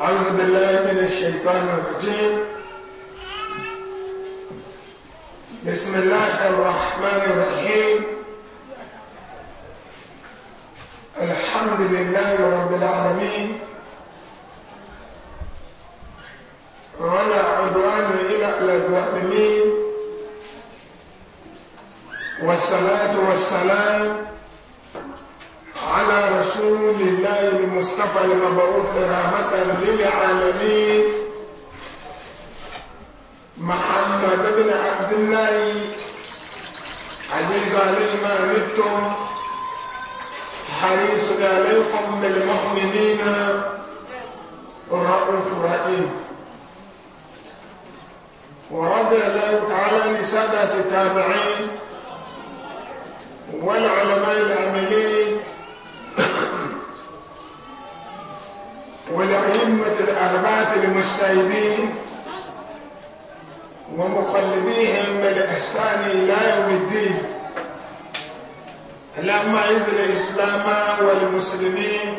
أعوذ بالله من الشيطان الرجيم بسم الله الرحمن الرحيم الحمد لله رب العالمين ولا عدوان إلا على الظالمين والصلاة والسلام على رسول الله المصطفى المبعوث رحمة للعالمين محمد بن عبد الله عزيز عليما عرفتم حريص عليكم بالمؤمنين الرؤوف الرحيم ورضي الله تعالى لسادة التابعين والعلماء العاملين والأئمة الأربعة المجتهدين ومقلديهم بالإحسان إلى يوم الدين اللهم أعز الإسلام والمسلمين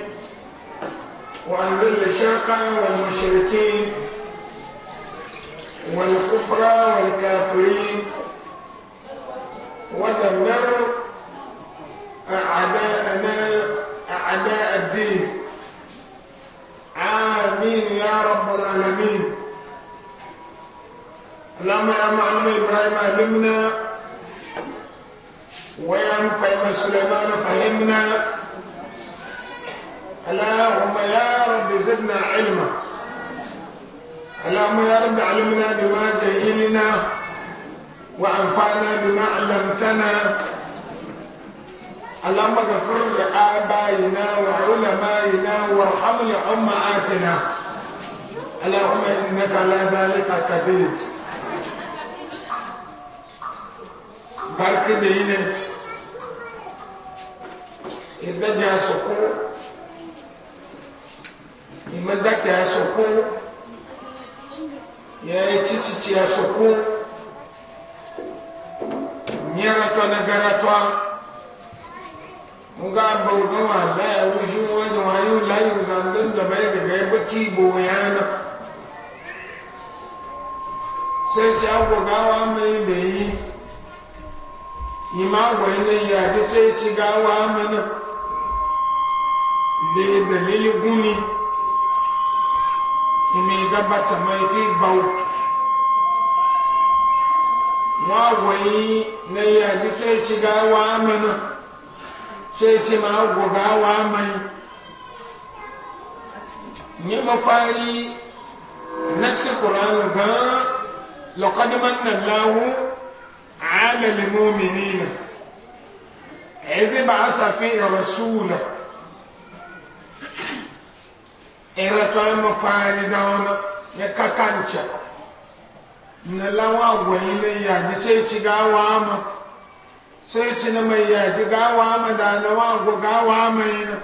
وأنزل الشرق والمشركين والكفر والكافرين ودمر أعداءنا أعداء الدين آمين يا رب العالمين اللهم يا معلم إبراهيم علمنا ويا مفهم سليمان فهمنا اللهم يا رب زدنا علما اللهم يا رب علمنا بما جهلنا وأنفعنا بما علمتنا اللهم اغفر لآبائنا وعلمائنا وارحم لأمهاتنا اللهم إنك على ذلك قدير barki da yi ne ìgbẹ́jà sọ̀kú ìmọ̀dákẹ́ sọ̀kú yẹ títí sọ̀kú mìíràn tó na gara tó a. nga bautan wala ya wajen wayo layi zandun da bai daga ya baki boyana sai ci gawa mai da bayi ima gwani ya ji sai ci gawa mana da dalili guni ime gabata mai fi bau wa gwani na ya ji sai ci gawa mana ceci ma goga wa mai nye mafari nasi kuranu gan lokadi manna lahu ala lilmu'minina idh ba'asa fi rasula era to mafari daona ya kakancha na lawa gwaile ya ni ceci ga wa ma sai ci na mai yaji gawa ma da na wago gawa mai na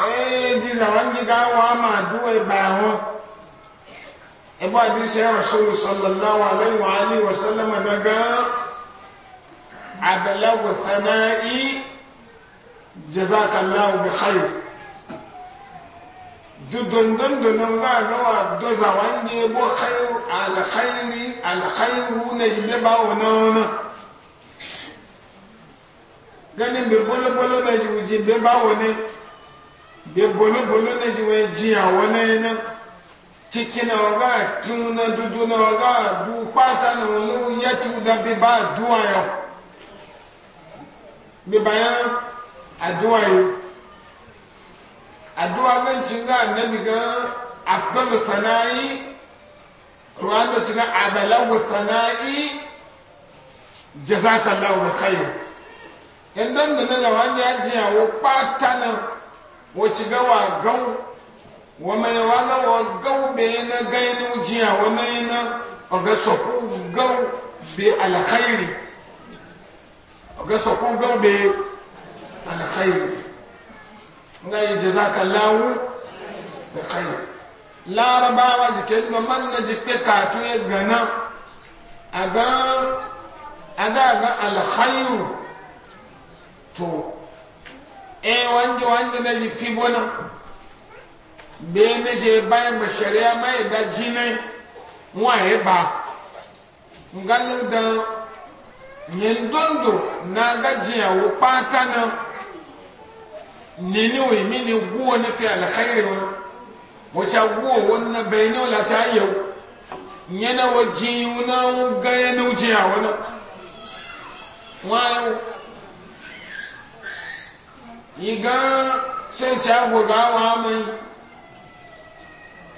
eh ji zawangi gawa ma duwai bawon ibu hadisi ya rasulu sallallahu alaihi wa alihi wa sallama daga abalagu thana'i jazakallahu bi khair dudundan da nan ga gawa da zawan ne bo khairu alkhairi alkhairu ne ne ba wannan ganin be bolo bolo na ji ba wannan be bolo bolo na ji ji a wannan nan cikin ga tuna duduna ga du pata na lu ya da be ba duwa yo be bayan aduwa yo addu'a nan cin ga annabi ga afdalu sana'i Qur'an da cin adalahu sana'i jazakallahu khayr yan dan da nan lawan ya ji ya wo patana wo ci ga wa gau wa mai wa ga wa gau be na gainu ji ya wa na oga soku gau be alkhairi oga soku gau be alkhairi nga yi jazakallahu da khairu larabawa da kelma man na jikpe katu ya gana a ga ga alkhairu to e wange wange na yi fi bona be na je bayan ba shari'a mai da jinai wa e ba ngalin da yin dondo na gajiya wo pata nini wo mi ni guwo na fi alkhairi wo wacce cha guwo won na bayni wala cha yau nyana wo jiyu na wo ga ya no a wona wa yi ga sai cha go ga wa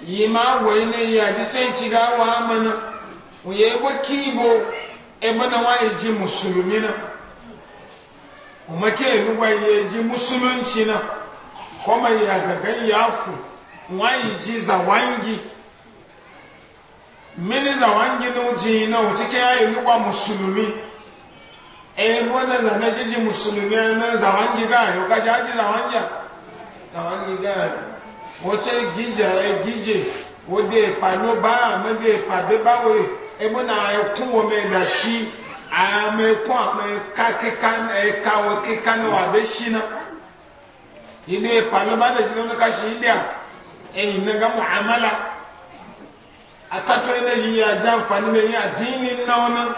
yi ma wo ne ya ji sai ci ga wa mana wo ye ko kibo e bana wa ji musulmina umake nuwa ya ji musulunci na kuma ya gagan ya fu wani ji zawangi mini zawangi na ji na wuce ya yi nuwa musulmi ebe wani zane shi ji musulmi na zawangi ga yi ka shi haji zawangi zawangi ga wace gije ya gije wadda ya pano ba amadu ya pabe bawe ebe na ya kuwa mai da shi ame kɔ ame ka keka eka wɔ keka ne wɔ abe si na yi ne paloma ne si ne ka si yi eyi ne ka mo amala atatɔ ne yi ya dza nfani ne yi adi ni na wo na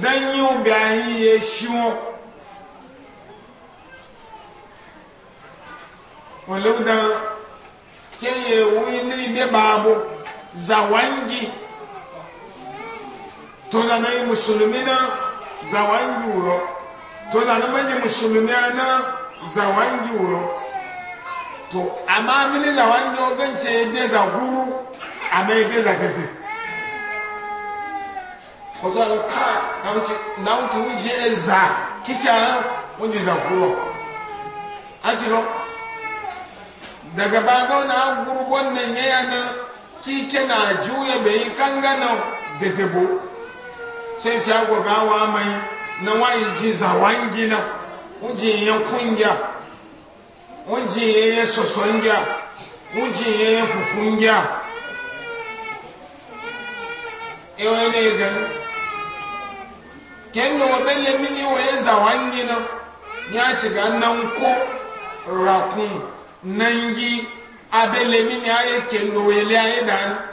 danyiwo bi anyi ye si wo wòle wo dan kye ye wo yi ne yi ne baabo zawangi tola na yi musulmi na zawan yuro tola na mani musulmi na zawan yuro to amma mini zawan yuro gance ne za guru amma ne za tete ko za ka ka na wuce na wuce za kicha wuje za guru an ci daga baga na guru wannan yaya na kike na juya bai kangana da tebo sai ci agwa gawa mai na wayi ji zawangina wujin ya kungiya wujin ya sosongiya wujin ya fufungiya ewe ne gani kendo wadanda mini waye zawangina ya ci ga nan ko rakun nan abele mini aye kendo wele aye dani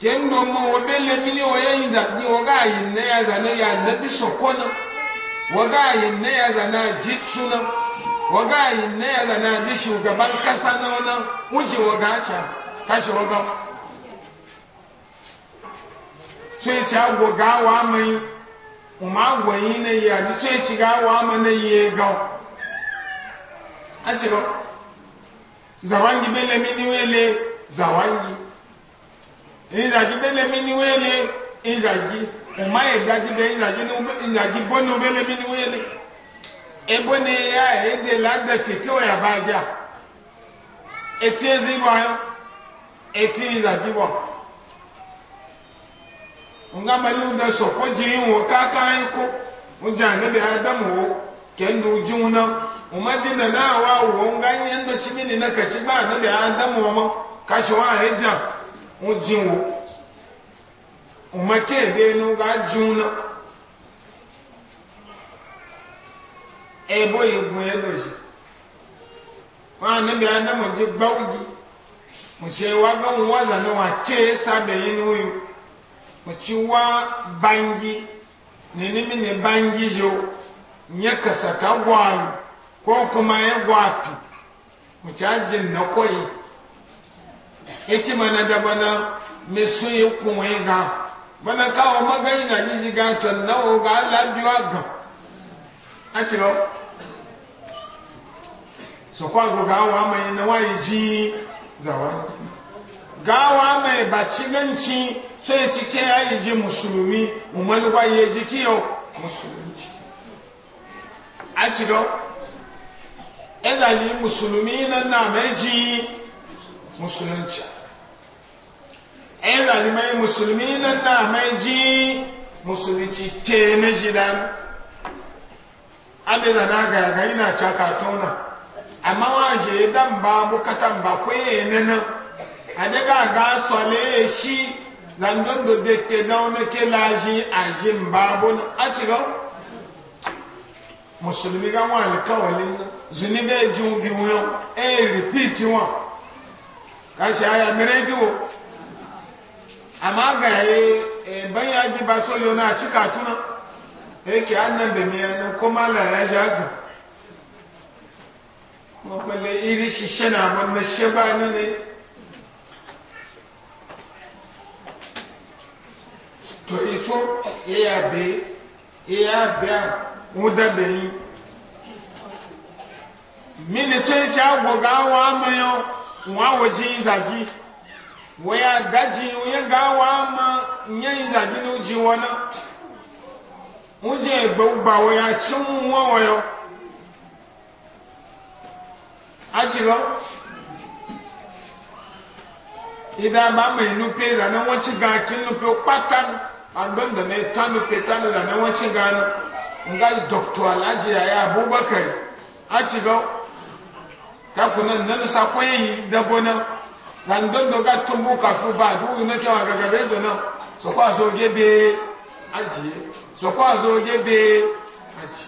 ken do mo wo bele mini wo ye inza ni wo ga yi ne ya za ne ya ne bi sokona wo ga yi ne ya za na ji tsuna wo ga yi ne ya za na ji shugaban kasa na ona unji wo ga cha ta shi wo ga so cha wo ga wa mai uma wo yi ne ya ji so ye chi ga wa ma ne ye ga a chi go zawangi bele mini wele zawangi ìzàjí bẹ́lẹ̀mí ni wéèlé ìzàjí ẹ̀má ìdájí bẹ́ ìzàjí bọ́nu bẹ́lẹ̀mí ni wéèlé ebo ni ya èdè ládẹ́fì tí ó yàbá ajá etí ezi bọ́ ayọ́ etí ìzàjí bọ́ nga mali da soko ji wo kaka yin ko mu ja ne bi wo na mu ma ji na na ŋun jin wo ŋun ma kẹ́ ẹ̀ bẹ́ẹ̀ nu ká jin na ẹ̀ bọ́ yìí gun ẹ̀ lọ yìí wọn anabi adamu ti gbawo di ŋun ṣe wá bá wá zànà wọn kẹ́ sábẹ̀ yìí ni wọ́n yìí ŋun ti bangi nínú mi ni bangi yìí o nyɛ kasata gɔɔ ko kuma yɛ gɔɔ api ŋun ti a jin na kɔ yìí. eti mana da bana me sun yi kunwai ga bana kawo magani na niji ga tannawo ga Allah biwa ga a ci ba so kwa ga gawa mai na yi ji zawa gawa mai ba ciganci so ya ci ke yayi ji musulmi umar waye ji kiyo musulmi a ci ba ezali musulmi na na mai ji musulunci ɗaya zalimai musulmi nan na mai ji musulunci te na jidan adada na na. ina cakatona amma waje dan ba bukatan ba kwaye na nan adega ga tsale shi landon da dake dauna ke laji a jin babun a cikin musulmi ga wani kawalin zunubai jin biyu yau eh repeat one kashi aya mireji wo amma ga yayi e, ban ya ji ba so na cika tuna yake annan da miya na kuma la ya jaga kuma kwalle iri shishe na ban na sheba ni ne to ito iya e e be a biya muda be yi mini tun ci agwaga wa mayan wọn wò jí ìzàgí wọ́n yà dájì wọ́n gá wà á ma nyẹ́ ìzàgí ní jí wọn náà wọ́n jẹ́ ẹgbẹ́ gbà wọ́n yà tí wọ́n wọ́n yọ. a ti lọ ìdá àbámọ̀ ìlú pé ìlànà wọ́n ti ga kí nínú pé ó pátá ní àgbẹ̀ndọ̀ ní tánu pé tánu ìlànà wọ́n ti ga ní ngáyì dọ̀kítọ̀ alájẹ àyà abúgbàkàrì a ti lọ kakunan nan sakoyi dabo nan nan don doga tumbu kafu ba duhu na kewa gagabe da nan so kwa so gebe ajiye so kwa so gebe aji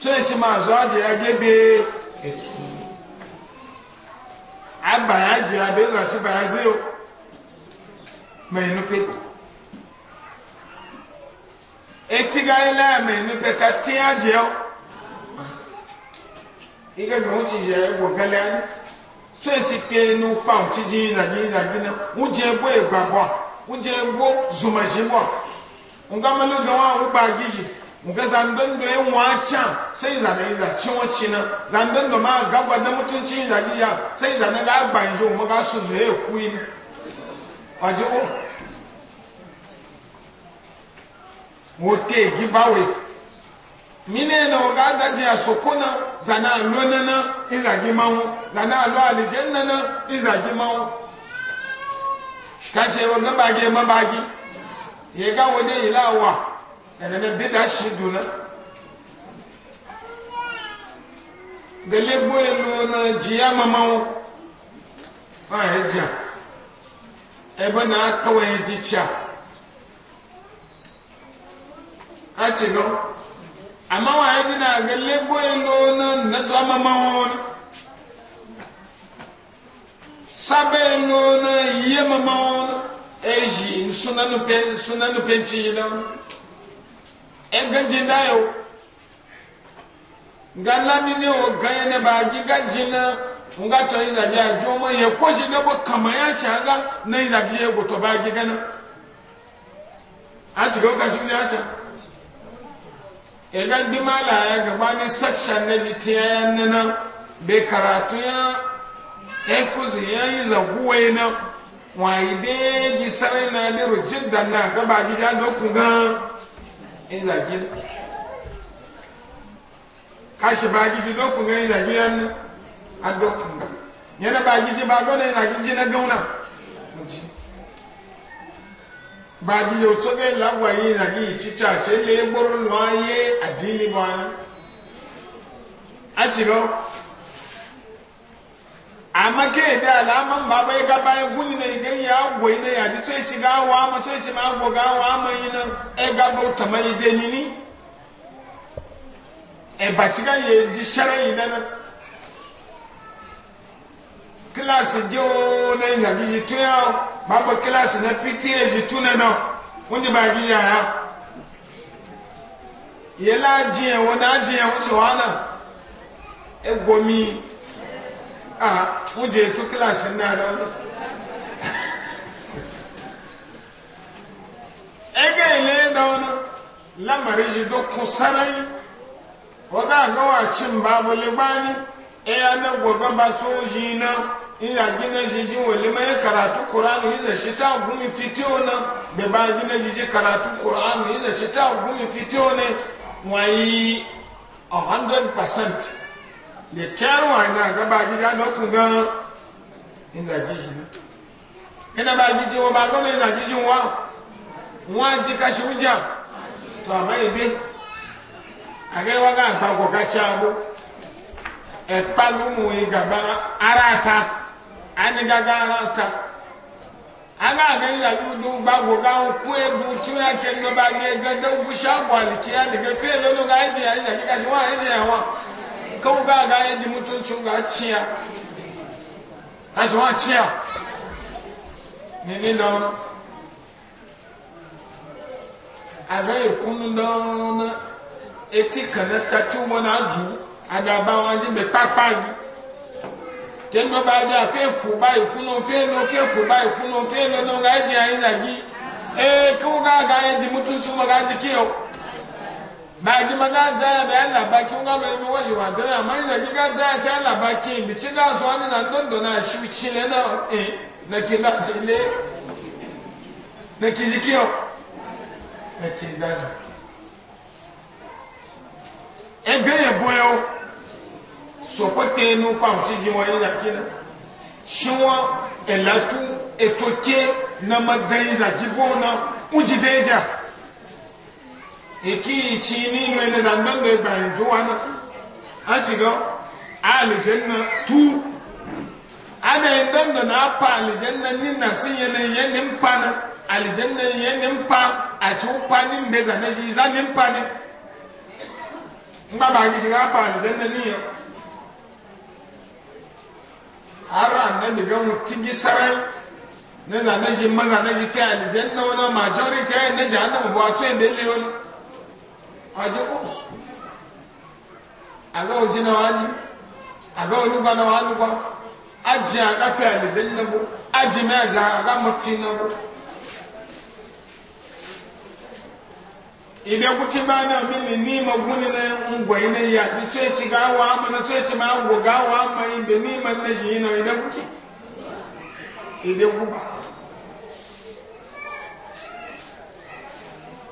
so ya ci masu ajiye ya gebe etu agba ya ajiye abe za ci ba ya ziyo mai nufe etiga ila mai nufe ka tiya jiyo ike ga wuce ya egbo galen so eti pe nu pa wuce ji zagi zagi na wuje egbo egbagbo wuje egbo zumajimbo nga malu ga wa ugba giji nga zandon do yin wacha sai zane za ciwo cina zandon do ma gagwa da mutunci zagi ya sai zane ga agba injo mu ga su zuye kuyi na waje o wote giveaway mine na oga adaji a sokona zana alo nana izagi mawu zana alo alijen nana izagi mawu kashe oga bagi ma bagi ye ga wode ila wa nana bida shi duna gele bo elu na jiya mamawu ha ah, eja ebe na akawa ejicha a chigo amma wa ya dina ga lebo ilo na na zama mawon sabe ilo na yiye mawon eji suna nupen suna nupen ci ilo en ganjin lami ne o ganye ne ba gi ganjin na nga to yi zaje a jo mo ye ko ji ne bo kama ya chaga na yi zaje go to ba gi gana a ci ga ka ne a chaga ga gbima laya gaba ni section na bitiya nana be karatu ya ekuzi ya yi zaguwe na wayi de ji sare na ni rujin da na gaba bi ja loku ga in zagi kashi ba gidi loku ga in zagi yan adoku yana ba gidi ba gona in zagi na gauna baabi yɛ wotɔ bɛ labɔ na gị kyikya akyɛ lɛ egboro lɔ ayɛ adi ni bɔ ana akyi ala ama mba gaba na yɛ ya agɔ e na ga awa ama tɔ ma agɔ ga ama yi na ɛga bɔ tɔmɔ yi de nini ɛba kyi na. kíláàsì jẹ́ ó ní ìyàgí yìí tún yá ó máa gbọ́ kíláàsì náà pta yìí tún náà náà wọ́n ti bá yìí yà á. ìyẹn láàjì yẹn wọn náà jì yẹn wọ́n ti wá náà ẹ gbomi à wọ́n jẹ́ ètò kíláàsì náà náà. ẹgẹ́ ilé náà náà lámàrí yìí ló kún sára yìí wọ́n ká àgbọ̀wọ̀ àti mbàbọ̀lẹ́gbá ni ẹ̀yà náà gbọ̀gbọ́n bá iya gina jiji wali mai karatu Kur'anu iza shi ta gumi fitiyo na bai ba gina jiji karatu Kur'anu iza shi ta gumi fitiyo ne wayi 100% le kyarun wa na gaba gida na kuma ina jiji ne ina ba jiji wa ba goma ina jiji wa wa ji kashi wuja to amma ibe a gaiwa ga agbago kacha abu ẹ̀pá e ló mú igàgbára ara ta ani gagara ta ana ganin da dudu ba goga ku e butu ya ke no ba ge ga da ku sha gwali ki ya ni ga fe lo no ga ji ya ni ga ji wa ni ya wa ko ga ga ya ji mutuncin ga ciya a ji wa ciya ni ni don a ga yi kunu don eti kana ta tu wona ju ada ba wa ji be papa gi tẹnudọ bá dé àfẹ fò báyìí kúnú fẹ lọ fẹ fò báyìí kúnú fẹ lọ lọ ká jẹ àyìn làjì ee kí wọn ká ká yẹn di mutu tí wọn ká di kí o báyìí ma ká zá yà bẹ́ẹ̀ làbá kí wọn ká bẹ́ẹ̀ mi wọ́n yìí wà dẹ́rẹ́ àmọ́ yìí ká zá yà kí á làbá kí n bìtí ká zọ́ ni là ń náà ṣu kí lẹ́ náà ẹ̀ nàkì láti ilé nàkì di kí o dájà ẹgbẹ́ yẹn bọ́ soko tenu kwan ci jimo ina kina shuwa elatu etoke na madanza jibona Eki deja iki chini ngene na ndonde banju wana achigo alijanna tu ada ndonde na apa alijanna ni nasiye ne yene mpana alijanna yene mpa achi upani mbeza na jiza ni mpane mbaba ngijiga apa alijanna niyo har annabi ga mutigi sarai na zane shi maza na jifi alijanna wani majority na jihannan ba wato yin bele wani waje ko a ga oji na waji a ga oluba na waluba aji a ɗafi alijanna bu aji mai a ga mafi na bu ibe kuti ba na mini ni ma guni na ngwa ina ya ji tsoci ga wa ma na tsoci ma ngwa ga wa amma ibe ni ma na ji ina ida kuti ibe guba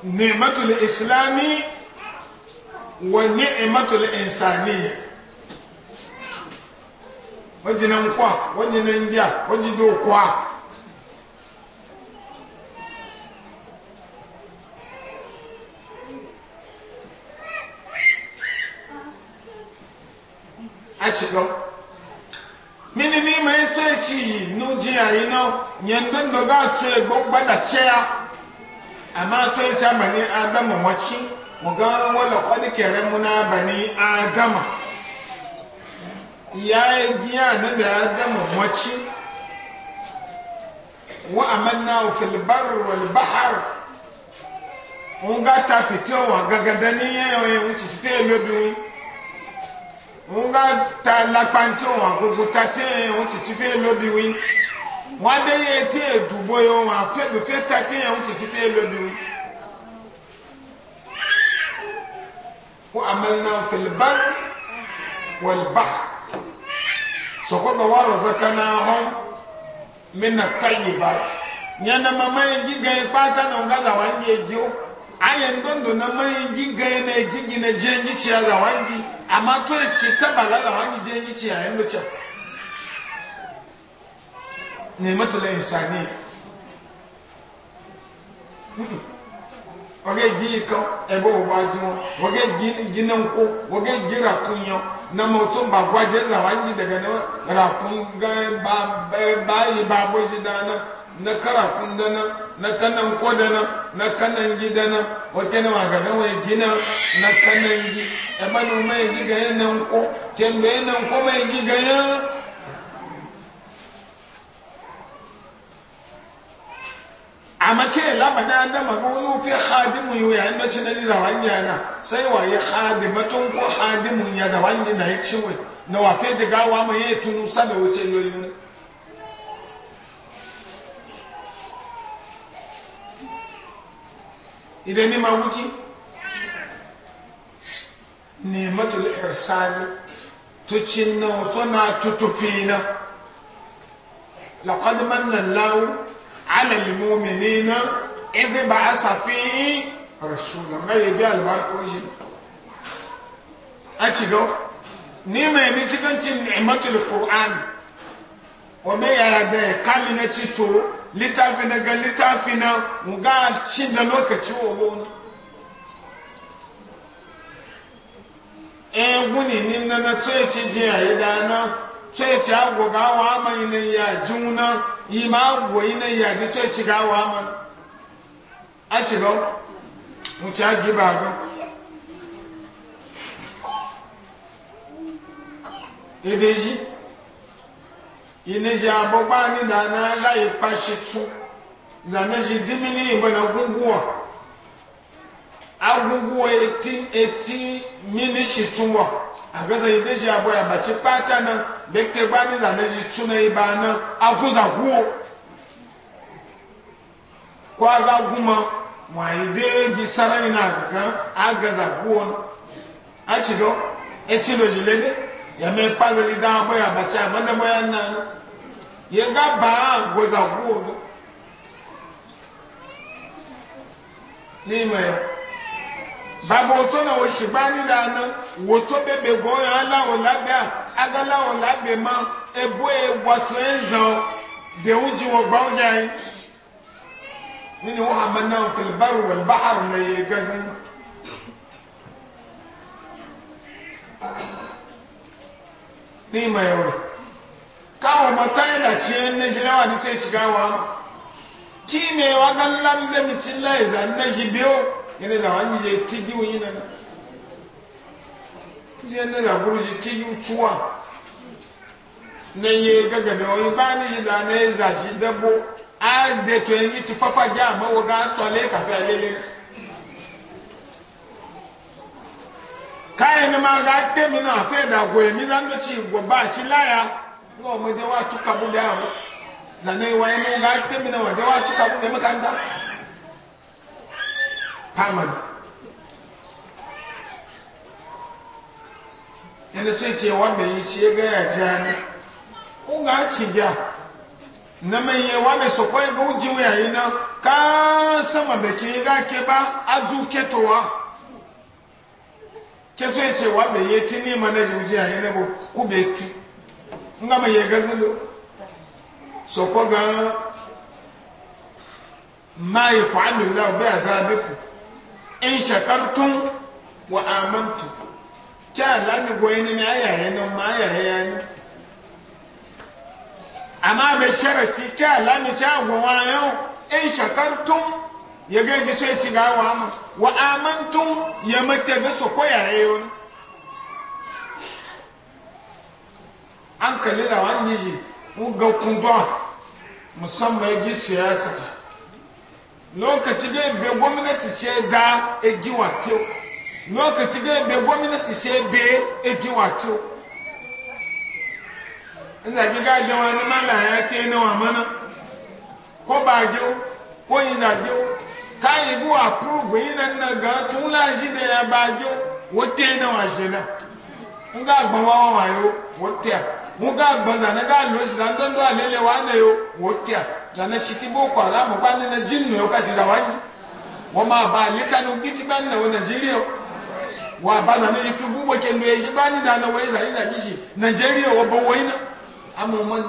ni'matul islami wa ni'matul insani. wajinan kwa wajinan dia wajido kwa akyi lɔ mini ni ma eto ekyi yi nu gyi ayi no nyɛ ndondo ga ato egbɔ gbada kyea ama ato ekyi abani adama wɔkyi wɔga wɔlɔ kɔdi kɛrɛ mu na abani adama ya egi a ne da adama wɔkyi wɔ amanna ofilibar wɔlibahar wɔn ga ta wɔn agagada ni yɛn yɛn wɔn kyi fɛ elobi wɔn nga ta lakpantsi wọn gbogbo ta tse wọn titi fi lobi wi wọn ade ye ti edubo ye wọn ato edufe ta tse wọn titi fi lobi wi ko amalina filiban waliba sɔkɔba wàllu zakana hɔn mina tayi baati nyɛ nama ma ye ji gɛn kpaata na nga la wa ye ji o. ayan dondo na mai gingaya na gingi na jengi ciya da wangi amma to ce ta bala da wangi jengi ciya yan lucin ne matula insani wage gili kan ebe obaji mo wage ginin ko wage jira kunyo na mutum ba gwaje za wangi daga na rakun ga ba yi ba dana na karakun dana na kanan ko dana na kanan gi dana wajen ma ga gawa gina na kanan gi e manu mai gi ga yan nan ko ken be nan ko mai gi ga yan amma ke labada da magunu fi khadimu yu ya inda cin ni zawan yana sai wa ya khadimatun ko khadimun ya zawan ni na yi ciwo na wa fe da gawa mai tunu sada wuce yoyin idan mima wuki nematul irsani tucin na wato na tutufi na laƙad mannan lawo alal mumini na idan ba a safi rasulun mai yabi albarkoshi a cigau ni mai ni cikin cin nematul ƙur'an wa mai yara da ya kalli na cito littafi na ga e, littafi na nga shi da lokaci wa wani guni ni na na tsoye ci jiya ya dana tsoye ci agwo ga awa ma ina ya juna yi ma agwo ina ya ji tsoye ci ga awa ma a ci ga mu ci agi ba ga ebeji yìnyín abọ́gbá ní dáná láyé pàṣẹ tún ìdáná yìí dìmí ní ìbọn agúngún ọ̀ agúngún etí etí mímí sì tún wọ̀ àgbẹ̀sẹ̀ yìí déjì abọ́ àbàtí pátá náà lẹ́kẹ́ gbá ní ìdáná yìí tún náà ibà náà agúzàgún ọ̀ kọ́ agagún mọ́ wọ́n àyè déjì sára yìí náà kankan agazàgún ya me kpalili daa bo ya bacha ma de bo ya na na ye ga ba goza ku go ni me babo so na wo shiba ni da na wo to bebe go ya la o la ga aga la o la be ma e bo e wa to enjo de uji wo gba o jai e. ni ni wo ha ma na fil bar ní ìmọ̀ ẹ̀rọ káwọn ọmọ táyìlà tí ó ní ṣe wà ní tó ìṣìgá wa kí ni wọ́n gán lábẹ́ mi ti láìsà ní ṣe bí ó yẹn ní làwọn yìí ṣe tíjú yín nana yẹn ní làbúrò ṣe tíjú tú wa ní iye gẹ́gẹ́ bí wọ́n bá ní ṣe dáná ẹ̀ṣà ṣe dẹ́gbó á dẹ̀tọ̀ ẹ̀yìn ti fọ́fà jẹ́ àmọ́wọ́ gán tọ́lé kàfẹ́ àlélẹ́rẹ́. Ka ni ma ga te mi na fe da go mi zan do ci go ba ci laya ngo mo de wa tu kabu da ho zanai wa mu ga te mi na wa de wa tu kabu da makanta paman ene tu ce wa me yi ci ga ya ne o ga ci ga na me ye wa me so ko ga uji wa yi na ka sama be ki ga ke ba azu ke to wa keto ya ce waɓe ya ti ni ma na jiwuji a yi nebo ku be tu nga ma ya gani lo so ko ga ma yi fa'alu la bi azabiku in shakartum wa amantu kya la ni goyini ni aya ya no ma aya ya ni amma be sharati kya la ni cha gwa wa yo in shakartum ya ga ji sai shiga wa mu wa amantum ya mata ga so koya yayo an kalli da wani yiji mu ga kundon musamman gi siyasa lokaci da be gwamnati ce da egi wato lokaci da be gwamnati ce be egi wato ina gi ga jawani mala ya ke nawa mana ko bajo ko yin zajo kai bu approve yin nan na ga tun la shi da ya bajo wote na wa shi na mun ga gban wa wa yo wote mun ga gban za na ga lo shi zan don do alele wa na yo wote za na shi ti boko ala mu ba na jin no ka ci za wa ni wo ma ba le ka no giti ban na wo Nigeria wa ba za na ifi bu bo ke no e shi ba ni da na wo za ni da shi Nigeria wo bo wo ina amma mun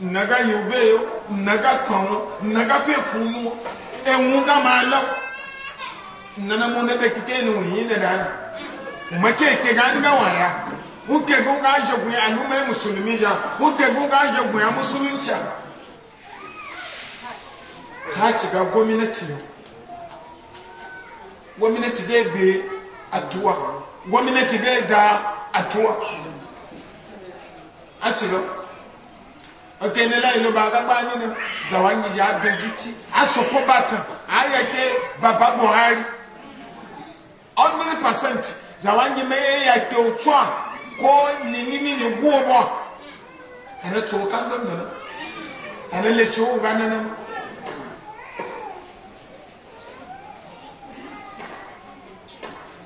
nnaga yi ube yo nnaga kan wo nnaga to efunu wo maa lɛ wo nnana mo ne bɛ kike ni da na ma ke ke ga wa ya o ke ko ga zɛ bonya aluma musulumi ya o ke ko ga zɛ bonya musulumi ya ha ci ga gominati yo gominati ga gbe atuwa gominati ga da atuwa a ci ga ake ne la ilo baga ba ni na zawangi ya gengiti asoko batan aya ke baba buhari 100% zawangi me ya ke otwa ko ni ni ni ni guo bo ana to ka ndo ndo ana le cho ga na na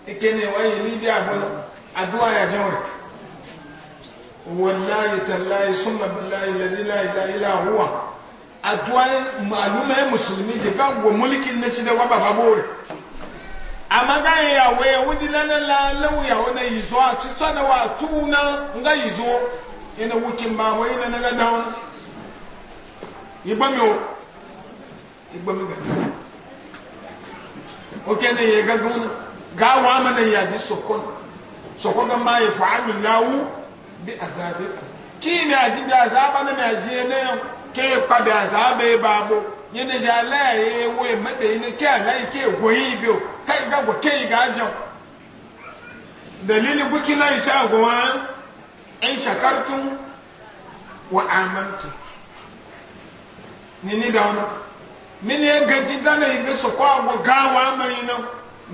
eke ne wa yi ni dia bo na adua ya jawre wallahi tallahi sunna billahi alladhi la ilaha illa huwa atuwaye maaluma ya musulmi ji ga gwa mulkin na ci da waba babore amma ga ya yawo ya wudi lana la lawu ya wona yizo a ci sana wa tuna nga yizo ina wukin ba wai na naga down igba mi o igba mi ga o kene ye ga gona ga bí àzáàbí kan kí ìmì àti bí àzáàbá mímì àti ẹni kí ipa bí àzáàbá ibà bò yìí ni ṣe alẹ́ ewu ìmẹ́bẹ̀ yìí ni kí àlẹ́ kí ègbò yìí bí o káyì gàgbọ̀ kí èyí gàá jẹun dalili wiki náà ìṣe àgùn wa ń ṣàkárùtù wọ àmàntù nini nídà wọn mini yẹn gàjí dáná yìí gẹ sọkọ àgùn gáà wà á mẹ́yìn náà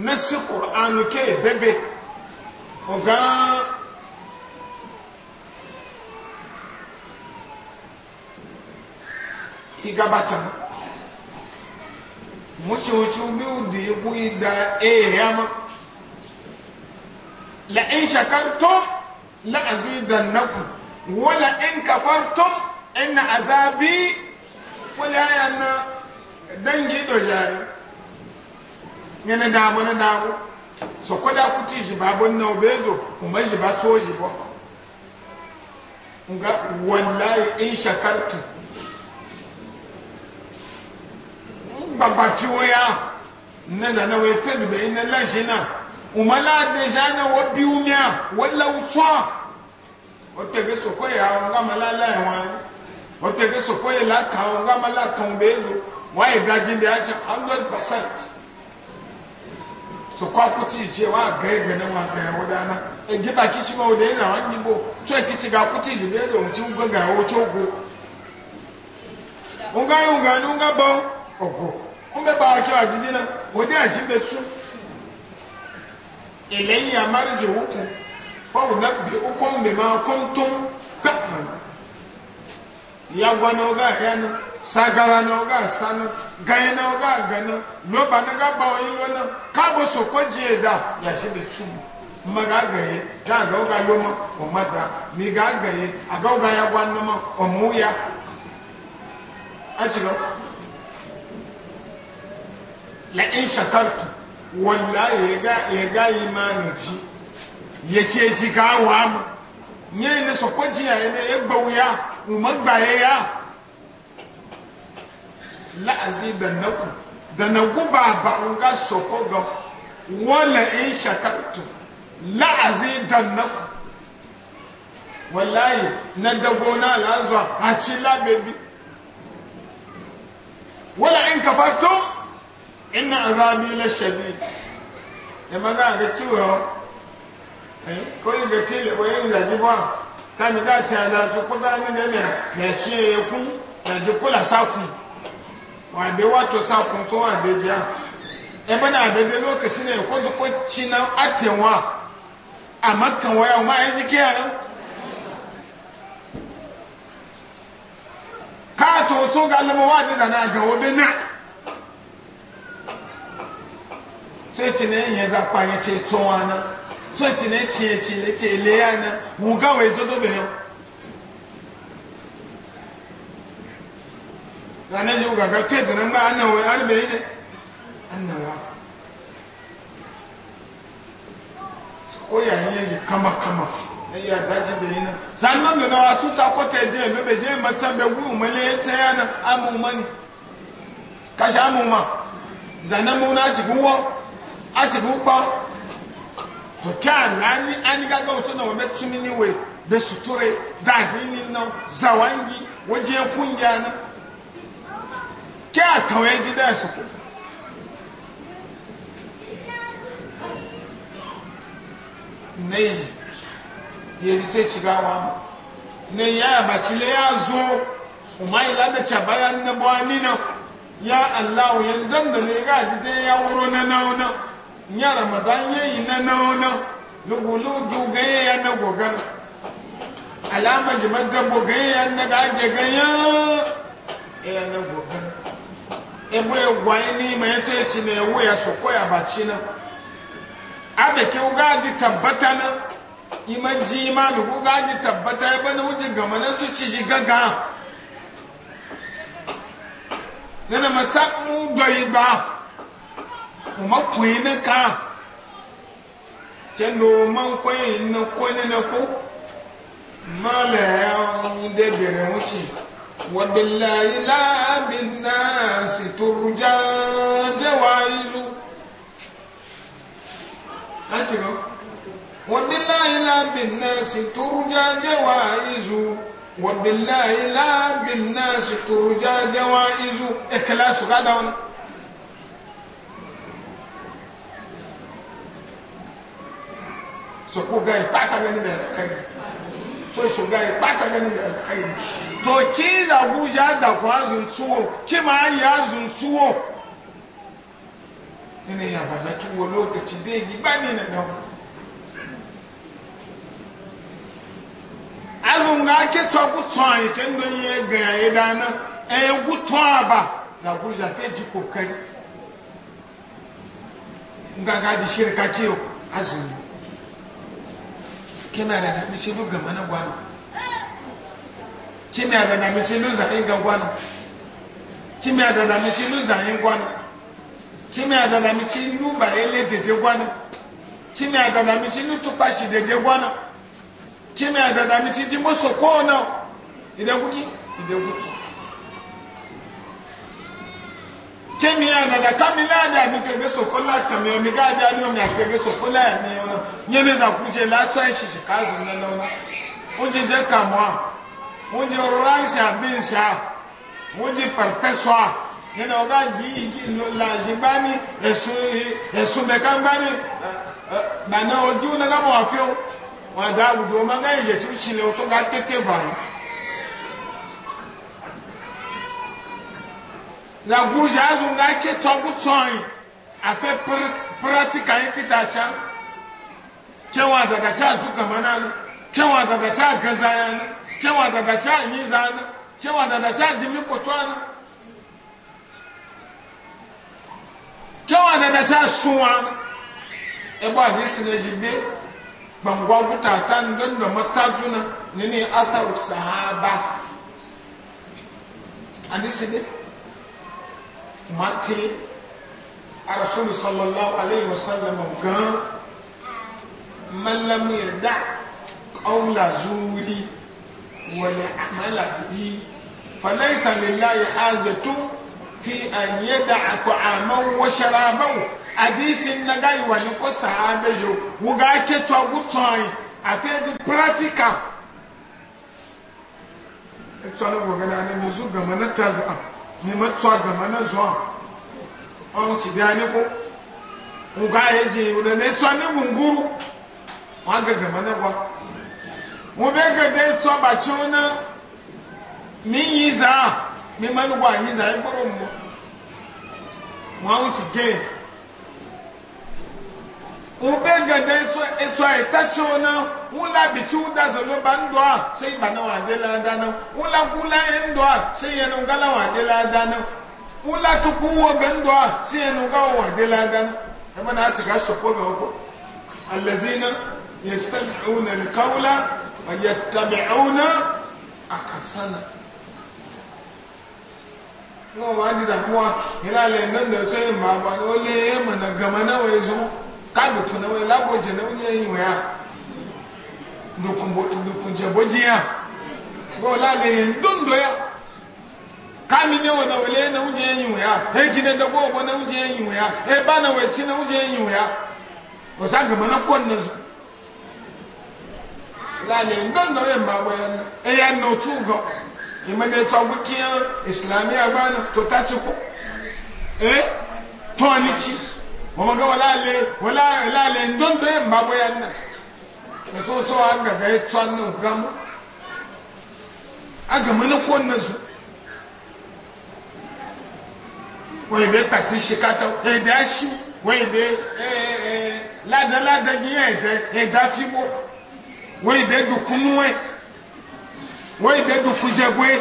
nẹ́sì kùránù kí èbẹ́bẹ́ ọ̀gá. igabata mucucu biu di ku ida ehama la in shakartum la azidannakum wa la in kafartum inna azabi wala yana dangi do jayo nyene da bona da ku so ko da ku ti jiba bonna obedo kuma jiba to jibo nga wallahi in shakartum gbagbati wo ya ne nana wo efe dube ina lansi na umala deja na wo bi umia wo la utsɔ o tege soko ya o nga mala la yi wɔn o tege soko ya la kan o nga mala kan o be do wa yi e gaji de a cɛ hundred percent soko akuti tse wa gɛɛ gɛnɛ wa gɛɛ o da na edi ba kisi ma o de na wa nyibo tso esi ka akuti tse be do o ti o gɛgɛ o tso go o nga yi koko mbe ba cho na wodi ajibe tu eleyi ya marje huku fa wona bi ukum be ma kuntum kafan ya gwana oga kana sagara na oga sana gaya na oga gana loba na ga ba oyin lona kabo soko jeda ya jibe tu mma ga agaghị ga aga ụga ya ụma ọmada ma ị ga agaghị aga ụga ya gwa nnọma ọmụ ya achịgọ la'in shakartu wallahi ya ga imanu ji ya ce ji gawa mu ne na sokoji ya ne ya gbauya umagbaye ya la'azi da naku da na guba ba in ga soko ga wala in shakartu la'azi da naku wallahi na dagona lazwa a ci labebi wala in kafartum inna azabi la shadid e maga ga tuwo eh ko yi ga tile wa yin da jiba ta mi ga ta na tu ko ga ni ne ne na shi e ku na ji kula saku wa de wato saku to wa de ja e bana da de lokaci ne ko ko cina atewa a makkan waya ma yanzu kiyaye ka to so ga lamawa da zana ga wobe na sai ci ne yin za kwa ya ce tsowa na sai ci ne ce ci ne ce leya na mu ga wai zo zo bayan ranar ji ga karfe da nan ba annan wai an bai ne annan wa ko yayin yanki kama kama ayi adaji bai na zan man da nawa tuta ko ta je lo be je matan be gu male ta yana amu mani kashi amu ma zanan mu na ci guwa a ci rukpa hokan ani ani gaga wotu na wame tumi ni we da suture da ni na zawangi waje kungiya na ke a tawaye ji da su ko ne yi yeri te shiga wa ne ya bacile ya zo umai la da cabayan na ani na ya allahu yan dandale ga ji dai ya wuro na nya ramadan ye ina na ona lugulu lugu ga ya e na gogan alama ji magga bo ga na ga je ga ya na gogan e bo ye ni ma ya te ci ne wo ya so ko ya ba ci na abe ke uga ji tabbata na imanji imanu uga ji tabbata ya bana wuji gama na zuci ji gaga nana masak mu doyi ba ma kɔn ne kan kyɛ na o ma kɔn ne kɔn ne ne ko ma de gɛrɛ o si wa bilayi la turu jaajɛ waa zu a ti lɔ wa turu jaajɛ waa zu wa bilayi la turu jaajɛ waa zu e kɛlɛ suga soko gai bata gani da alkhairi so so gai bata gani da alkhairi to ki da buja da kwa zuntuwo ki ma ya zuntuwo ina ya bada tuwo lokaci dai gi bani na dawo azun ga ke to ku tsoyi ken don ye ga ya dana e ku to aba da buja te ji kokari ngaga di shirka kiyo azun kina da na mishi lu gama na gwano kina da na mishi lu zayin ga gwano kina da na mishi lu zayin gwano kina da na mishi lu ba ele tete gwano kina da na mishi lu tupa shi dede gwano kina da na mishi di mo sokona idan kuki idan kemi ya na kami la da mi ke ge sokola kami o mi ga ja ni o mi ke ge sokola mi o na nye me za kuje la to e shi ka zu na na na o je je ka mo o je rice abi sha o je perpetua ni na o ga ji ji lo la ji ba ni esu esu be kan ba ni ba o o wa o ma ga je tu chi o to ga tete za guruji azu nga ke tsɔku tsɔnyi afe pratika yi ti ta tsa kewa daga tsa zu gama na na daga tsa gaza ya na daga tsa anyi za na daga tsa jimi koto na kewa daga tsa suwa ebo adi si na eji gbe gbangwa guta nini atharu sahaba adi si de mati arasulu sallallahu alayhi wa sallam gan malamu yada qawla zuri wala amala bihi falaysa lillahi hajatu fi an yada'a ta'amahu wa sharabahu hadisi naga iwa ni ko sahabe jo wuga ketu agutan ati di practical etu ala wogana ni muzu gamana tazam ni ma tsɔ gama na zɔn ɔn ti di anyi ko nga yɛ dzi o de ne tsɔ ne munguru wɔn aga gama na gɔ mo bɛ ge tsɔ batsiwo na mi nyi zaa mi ma ne anyi zaa egboro mo mo awon ti gɛɛ ube gada etu a itace e ona wula bici wuda zolo ba ndu a sai ba na waje lada nan wula kula ya ndu a sai ya nunga la waje lada nan wula tukun wo ga ndu a sai ya nunga wa waje lada nan ya mana a cika su ko ga wako yastami'una alqawla wa yattabi'una akasana wọn wá di dàmúwa ìlàlẹ̀ náà lọ́tọ́ ìmọ̀ àgbà ó lé èèmọ̀ nà gàmánà wọ̀ ẹ̀zọ́ káàdù tó náwó lágbòjẹ náwó ní ẹyìn wẹ̀ á yá bó láàbẹ̀ yẹn dóńdó yá kámi ní wọn náwó lé náwó jẹ ẹyìn wẹ̀ á ní ẹdọgbọ ọgbọ náwó jẹ ẹyìn wẹ̀ á náwó ẹkyí náwó jẹ ẹyìn wẹ̀ ọ̀sá gbẹmọ náà kọ́ ní láàbẹ̀ yẹn dóńdó yẹn mbà wẹ̀ ẹyà nà ọtú gọ ìmọ̀lẹ̀ wọ́n mọ̀ wọ́n lálẹ́ wọ́n lálẹ́ ndóńdó yẹn mbà bóyá nà ẹ̀sọ́sọ́ agàgà yẹn tó ànà ògàmọ́ agàmọ́ ní kò nà so wọ́n yìí bẹ́ tàtí ṣe kátà ẹ̀dá ṣí wọ́n yìí bẹ́ ládàládà yìí ẹ̀dá ẹ̀dá fíwọ́ wọ́n yìí bẹ́ dùkúnú ẹ̀ wọ́n yìí bẹ́ dùkújẹ́gbẹ́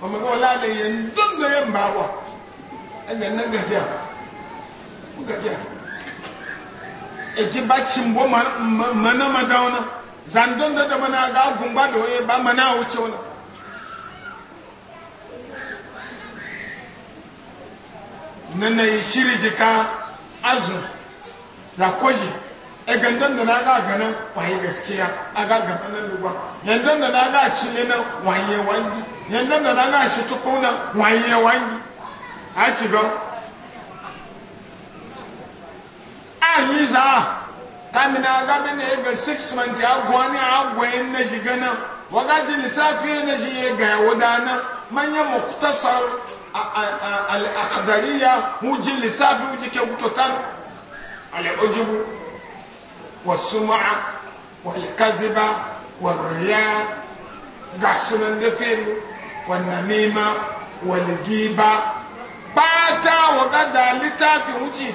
wọ́n mọ̀ wọ́n lálẹ́ yẹn ndóńdó yẹn mbà wà ẹ̀ eki bacin bo mana madauna zandon da da mana ga gumba da waye ba mana wuce wani nana yi shiri jika azu da koji e gandon da na ga gana waye gaskiya a ga gaba nan lugwa yandon da na ga cile na waye wangi yandon da na ga shi tukuna waye wangi a ci gan ahmi za kamina ga bene ga 6 month ya gwani agwayin na shiga nan waga ji lissafi na shi ya ga wadana manya muktasar al-akhdariya huji lissafi huji ke gutotan al-ujubu was-sum'a wal-kaziba wal-riya ga sunan da fi'lu wan-namima wal-ghiba bata waga da littafi huji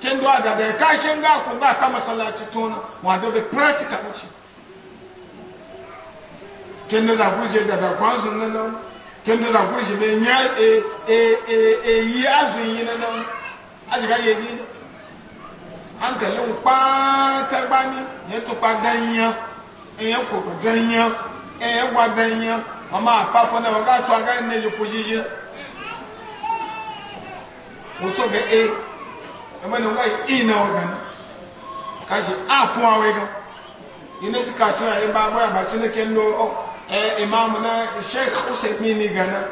kendo aga da ka shin ga kun ga ta masallaci tona wa da be practical shi kendo da kurje da da kwansu nan nan kendo da kurje me nya e e e e yi azu yi nan nan aji ga ye ni an kalin pa ta gbani ne to pa danya e yan ko ko danya e yan wa danya mama pa fo na wa ga to aga ne yo ko o so be e ɛmɛ ne wa yi ina wɔ gani kasi a kun awɛ gan yìnyɛn ti kàtó yà ɛbá bóyá bàtí ne kɛ ló ɔ ɛ imaamu na sheikh hussein mi ni gana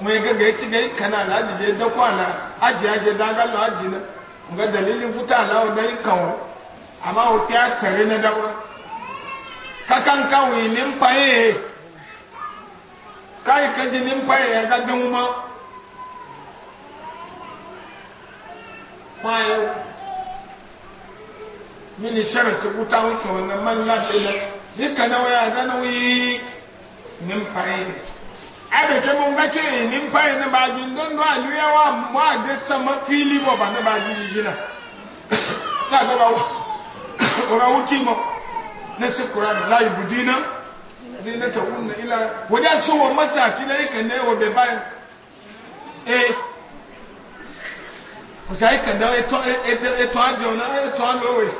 mo yɛ gɛgɛ eti gɛ ikana ala adidie dɔkɔ ala adi adi daga lɔ adi na nga dalili futa ala o da ikan o ama o kpe atɛre ne da wa kakanka wo yi mpa ye kayi kadi ne mpa ye ɛga kwayo mini sharti wuta wuce wannan man lafiya zika na waya da nauyi nimfaye ada ke mun ga ke nimfaye na bagin don do aliyawa ma da sama fili wa ba na bagin jina ta ga ba ora wuki mo na se qur'an la yubdina zinata unna ila wada so wa masaci na yake ne wa be bayan eh ọ̀sẹ̀ ayé kẹ̀dá ètò àjẹun náà ètò àlọ́wẹ̀.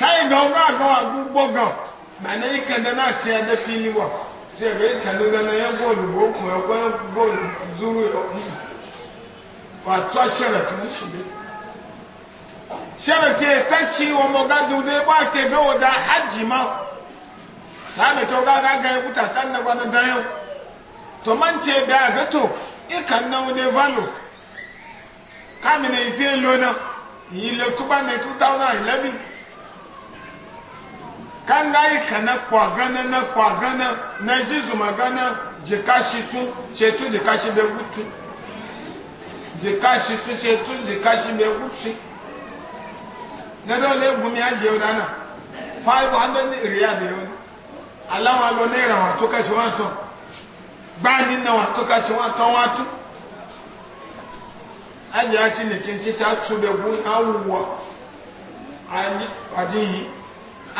táyì gan ọgbà àgbà wà gbogbo gan màná yìí kẹ̀dá náà tẹ ẹdẹ fi yí wà ṣe èbè yìí kẹ̀dá gan náà yẹ bọ́ọ̀lù bó kùn ẹ̀ kọ́ bọ́ọ̀lù zúrú wà tó ṣẹlẹ̀ tó ń ṣe ṣẹlẹ̀ tí ẹ̀ka tí ọmọ gádùn dé bá tẹ̀gbẹ́ wò dá hajj mọ́ láàmì tó gá gá gan ẹ̀kú tàtà nàgbà nàgbà yẹn tọ́mọ̀ ń tẹ̀ bẹ́ẹ̀ àgẹ́tò ikan na wune valo kami na ife lona yi le tuba thousand eleven. kanga ikan na kwa gana na kwa gana na jizuma gana jikashi tu cetu jikashi be gutu jikashi tu cetu jikashi be gutu na dole gumi aje odana 500 riyadi yoni alawa lo naira wa to kashi wa to gbaninna wa tọkasị wa tọwatu ajaji atu ndetcha atu ɖe awu awu aji ɔdzi yi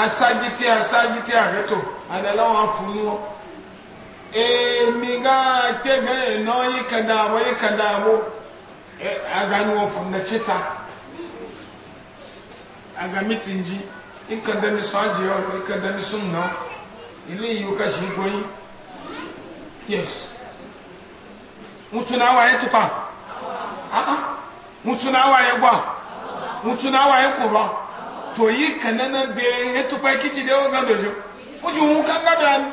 asaaditi asaaditi ahetu adala wafu ɔmɔ ee mika ekpe ga na yi ka da awa yi ka da abo e, agami ɔfu ɔmɔ n'etita agamiti dzi yi ka da nisua ajị ɔmɔ na ilu ya ɔkasi go yes ŋutsu na awa ye tukpa aa ah, ah. ŋutsu na awa ye gba ŋutsu na awa ye kurɔ to yi kana na be ye tukpa ye kitsi de wo gan dozo o ŋu kanga do ani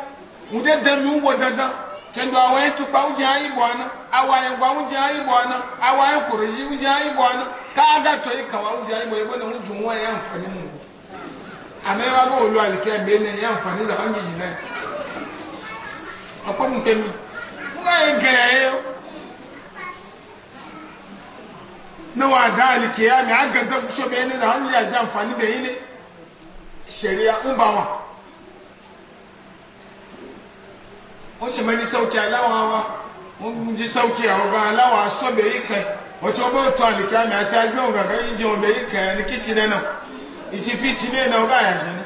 ŋu de dami ŋu bɔ dandan kendo awa ye tukpa ŋu dze ayi bɔ ana awa ye gba ŋu dze ayi bɔ ana awa ye kurɔ yi ŋu dze ayi bɔ ana k'a ga tɔ yi kawa ŋu dze ayi bɔ ye bena ŋu ju ŋu wa ye anfani mu ame wa ko olu alikɛ be ne ye anfani la ŋu yi yi na ye akwai mutane muka yin gayaye na wa da alike ya mi aga da so be ne da hannu ya ji amfani da yi ne shari'a ubawa o se mani sauki alawa wa mun ji sauki a ga alawa so be yi kai wato bo to ali ya mi a ti agbe o gaga inji o be yi kai ni kici ne na iti fi ci ne na o ga ya je ne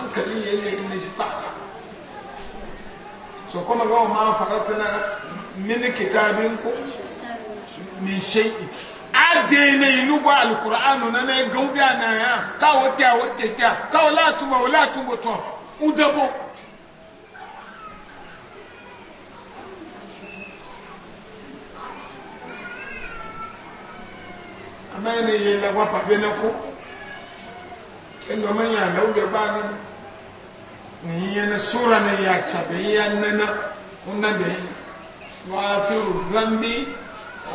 hankali ya yi ne shi ɓata so kuma gawa ma farata na mini kitabin ku min shai'i ade ne inu gwa alkur'anu na ne gaubi na ya kawo kya wake kya kawo latuba wa latuba to udabo amma ne yi lagwa pabe na ku ilo manya na ube ba ni униyaboards prawd covering the United States and sees a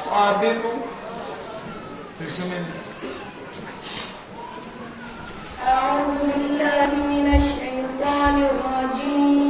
TA емуTS decade as a Dehrianan radical human History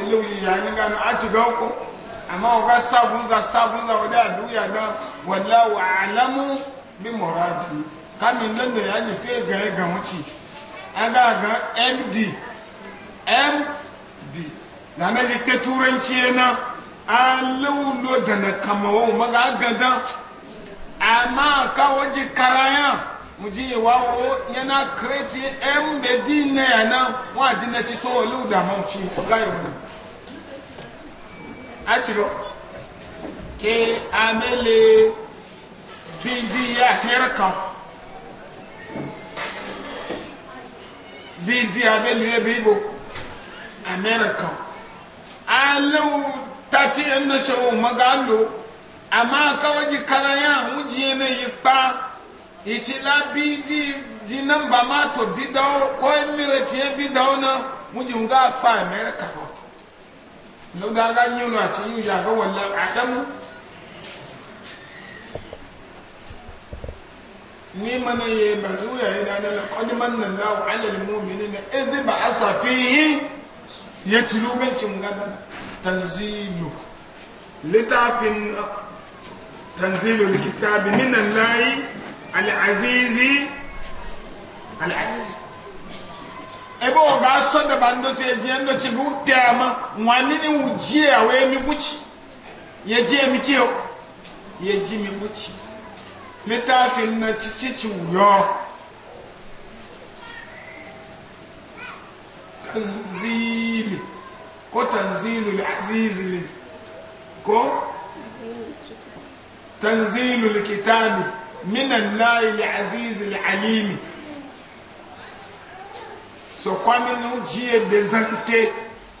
ke lewu ya ni ga a ci ga ko amma o ga sabun za sabun za wada duya ga wa a'lamu bi muradi kamin nan da ya ni fe ga ga muci aga ga md md na na ke turanci na alawulo kama na kamawa maga gada amma ka waje karaya mu ji wa wo yana kreti md na yana wa ji na ci to lu da mauci ga yau atsirɔ ke amele bindi ya hɛrɛ kan bindi amele ya bibo amɛrɛ kan alewu tati ɛnɛsɛ wo maga lo ama kawaji kalaya ŋu diɛ ne yi kpa itsila bindi di namba ma to bidawo kɔ emirɛ tiɛ bidawo na ŋu ŋu ka kpa amɛrɛ kan. lọ́gbà gányínú àti yíò yàgọ́ wọ̀lẹ̀ àdámú ni mana ye bàtú yàyí dáadáa kọ́dí man nà ga wà alẹ́lẹ́ mú mi nínú ẹdí bà á sàfihì yẹ tìlú bẹ́ẹ̀kì ngada tanzilu littafin tanzilu likitabi minan layi al'azizi al'azizi ebe o ga so da bando se je ndo ci gu tema wani ni ujie awe mi guci ye je mi kiyo ye ji mi guci litafin wuyo tanzili ko tanzilu azizili ko tanzilu likitabi min allahi al-aziz al-alimi so kwa mini ŋu dzi ebe zã ke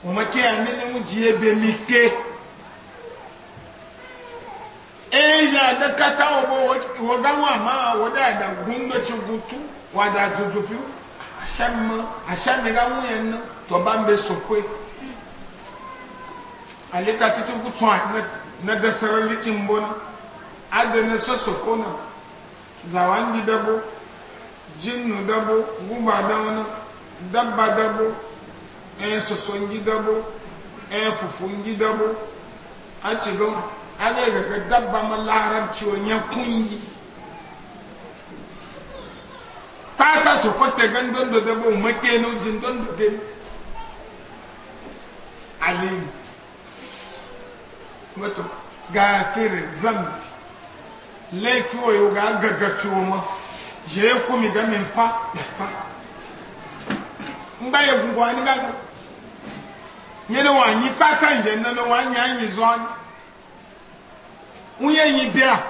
wòmeke ya mini ŋu dzi ebe mi ke eye ya ɖe katã wo be wo gã ŋu ama wo ɖe ada gun ɖe gun tu wo aɖa dzodzo fi asiame asiame gã ŋu yẹn ne tɔba ŋu be sokoe ale ta titi ku tún ne ne dɛsɛrɛ liki ŋu bo na ne soso ko na zawandi ɖe bo dzinu ɖe bo bubu aɖewo na dabba dabo ɛn eh, sosonji dabo ɛn eh, fufunji dabo a ci don an yi gaga dabba ma larabci o nya kunyi tata su kwata gan don da dabo make no jin don da dai alim wato gafir zambi laifi wa yau ga gaggatuwa ma je kumi ga min fa da fa ngba ye gungu ani ga ga nyene wa nyi pata nje na na wa nya nyi zo ani unye nyi bia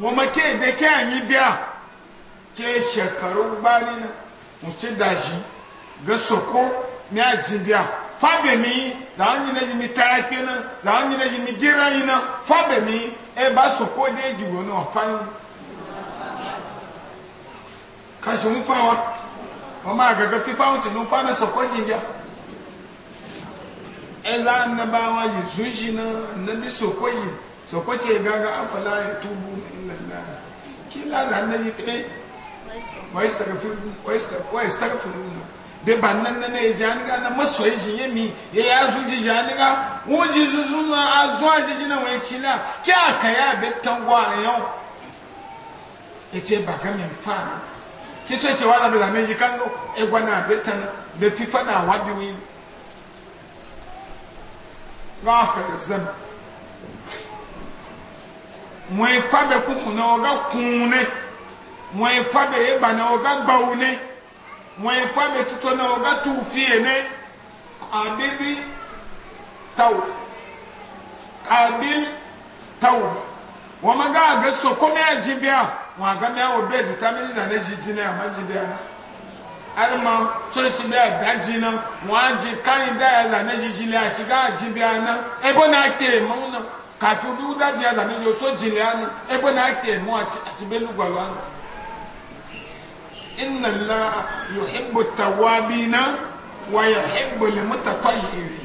wo ma ke de ke anyi bia ke shekaru gba ni na unchi daji ga soko ni aji bia fabe mi za nyi na mi tarapi na za nyi na mi gira yi na fabe mi e ba soko de ji wo na fa ni kashi mu fa wa ọmọ àgàgà fífá ń tìlú fáwọn sọ̀kọ́ jìnjà ẹ̀zá annabawa yìí zúnjì náà annabi sọ̀kọ́ yìí sọ̀kọ́ tí gaga afọlá ẹ̀túbù ìlànà kí lánà annabi tẹ́ wàìsítàkàfìrú nù bẹ́ẹ̀ bá nánà náà ẹ̀jẹ̀ anigá náà mọ̀sọ̀ ẹ̀jẹ̀ yẹn mi ẹ̀yà azú jìjì anigá wọ́n jì zúzú náà azú àjèjì náà wọ́n ẹ̀kí náà kí àkàyà bẹ́ẹ̀ tán wọ́ àyàn ẹ̀jẹ̀ bàgá mi fáà kitso ce wani bada mai jikan egwa na betan e da fi fana wadi wi gafar zam mwai fabe kuku na oga kunne mwai fabe yeba na oga gbaune mwai fabe tuto na oga tufiye ne abili tau abil tau wọ́n mọ̀ gáàgé sọ̀kọ́ mẹ́ẹ̀jì bíi à wọn àgbà náà wọ bẹẹ zita mi nìyà n'eji jí náà àmà jí bẹẹ alima tó ṣe bẹẹ dá jí náà wọn á jí káyìn dá yà zà n'eji jí náà àti ká jí bẹẹ náà ẹgbẹ náà ké mọ náà kàtó dúró dá jí yà zà n'eji oṣù jí náà ẹgbẹ náà ké mọ àti bẹẹ lùgbà wà náà. inna allah yuhibbu tawabina wa yuhibbu limutatahhirin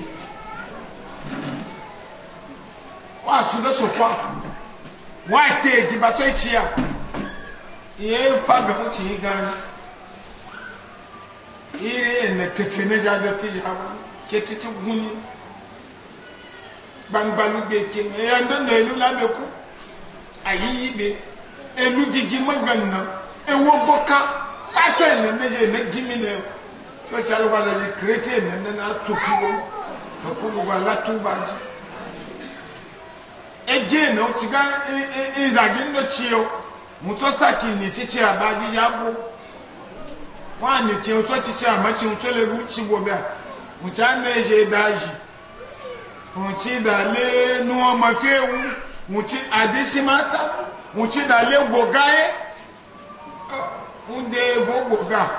wọn àsùn lọsọfọ wọn àti èjì bàtọ ìṣìyà ye faga muci gani ire na tete na ja da fi jawo ke titi guni gbangbalu gbe ke me ya ndo na elu la be ku ayi be elu gigi maganna ewo boka ata ne meje ne gimi ne to chalo bala ji krete ne ne na tuki wo to ku lu bala tu ba ji eje na o tiga e e e zagi ndo chiyo muto saki ni cici a baji yago wa ni ke muto cici a maci muto le ruci gobe muta ne je daji muci da le nuwa mafewu muci adisi mata muci da le gogaye unde go goga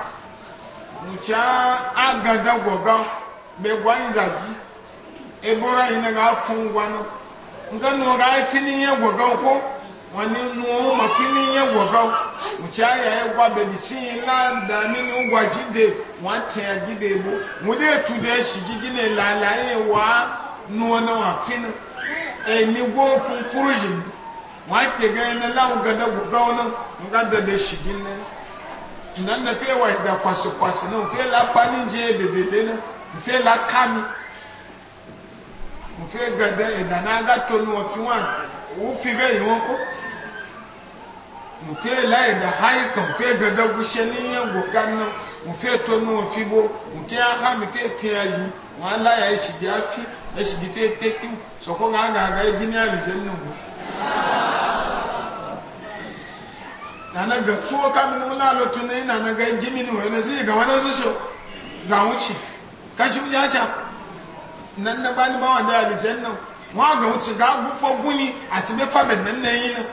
muci agada goga be gwanzaji ebora ina ga fun gwana ngano ga fini ye goga ko wani nuwo makini ya wogau wuce aya ya gwa bebi cin landa nini ngwa jide wọn tẹ agide bo wọn dẹ tu dẹ si gidi ne lalaye wa nuwo na e wa fina eni wo fun furuji wọn tẹ gẹ na lawo gada wogau na nga da dẹ si gidi ne nan na fiye wa da kwasi kwasi na fiye la pani je dedede na fiye la kami fiye gada idanaga tonu ọtí wọn wọ́n fi bẹ́ẹ̀ yìí wọ́n kọ́. mfe layi da haika mfe gada gushe ni yan gogan nan mfe to nu fi bo mfe aka mfe tiya yi wa la ya shi da fi ya shi bi fe fe ki so ko ga ga ga gini ali je nu go nana ga tso ka min mu la lo tun ni nana ga gimi ni wani zai ga wani su sho za wuce kashi mu ja cha nan na bani ba wanda ali je nan wa ga wuce ga gufo guni a ci be fa ben nan ne yi nan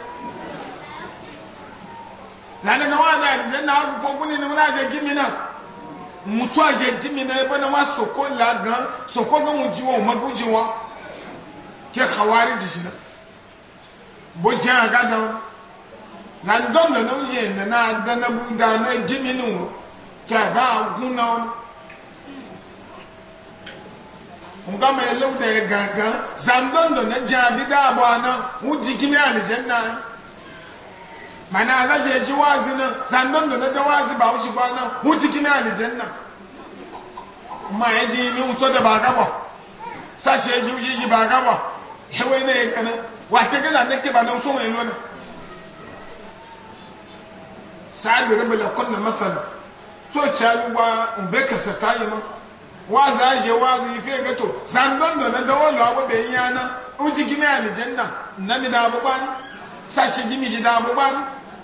lana na wana na arufo guni ni wana aje gimi na mutu aje gimi na ebe na wa soko la gan soko gan mu jiwa ma bu jiwa ke khawari ji na bo je aga da na ndon na no ye na na da na bu da na gimi nu ke ga gun na on nga ma elewu da ga ga zandon do na jabi da bo ana mu jigimi alijanna mana ala je ji wazi nan sannan da na da wazi ba wuce ba nan wuce kina aljanna ma ya ji ni wuce da ba gaba sashe ya ji wuce ji ba gaba yawai na ya gana wa ta gana na ke ba na wuce mai lona sa'ad da rabin masana so cali wa ube kasa ta ma wazi ya je wazi ya fiye gato sannan da na da wani abu bai yi yana wuce kina aljanna na mi da abubuwan sashe ji mi ji da abubuwan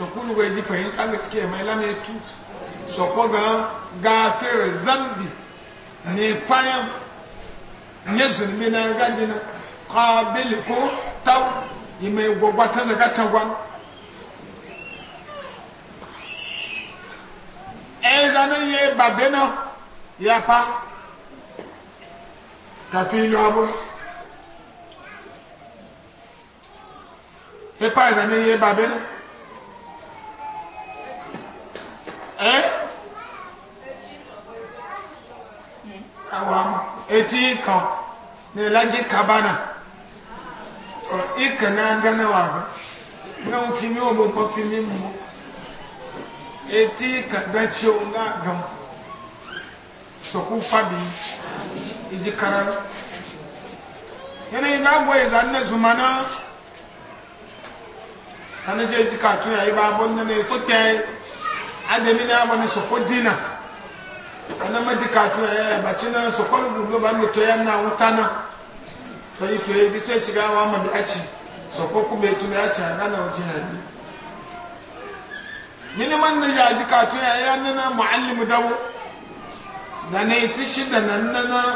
sokulu bai ji fahimta gaske mai lame tu soko ga gafere zambi ne fayan nye zulmi na gaji na kabili ko tau ime gwagwa ta zaga tagwan e zanen ye babe na ya fa tafi ilu abu e pa zanen ye babe na ẹ́ àwọn àmọ́ etí kan ní ìlàjì kabana ìkà náà gánà wà gán náà ń fi mí òbò kan fi mí mú etí kàgbẹ́ tí ó ń gá gan sọ̀kú fàbí ìjì kara yanayi ga gbọ́ ìlànà zuma náà tani jẹ́ ìjì kàtúnyà yìí bá bọ́ nínú ìfúkẹ́ yìí adami na wani soko dina ana madi katu eh baci na soko lulu ba mi to yana wutana to yi to yi to shiga wa ma bi aci soko ku be to ya ci ana na waje hadi mini man na ya ji katu ya yana na muallimu dawo da ne ti shida nan na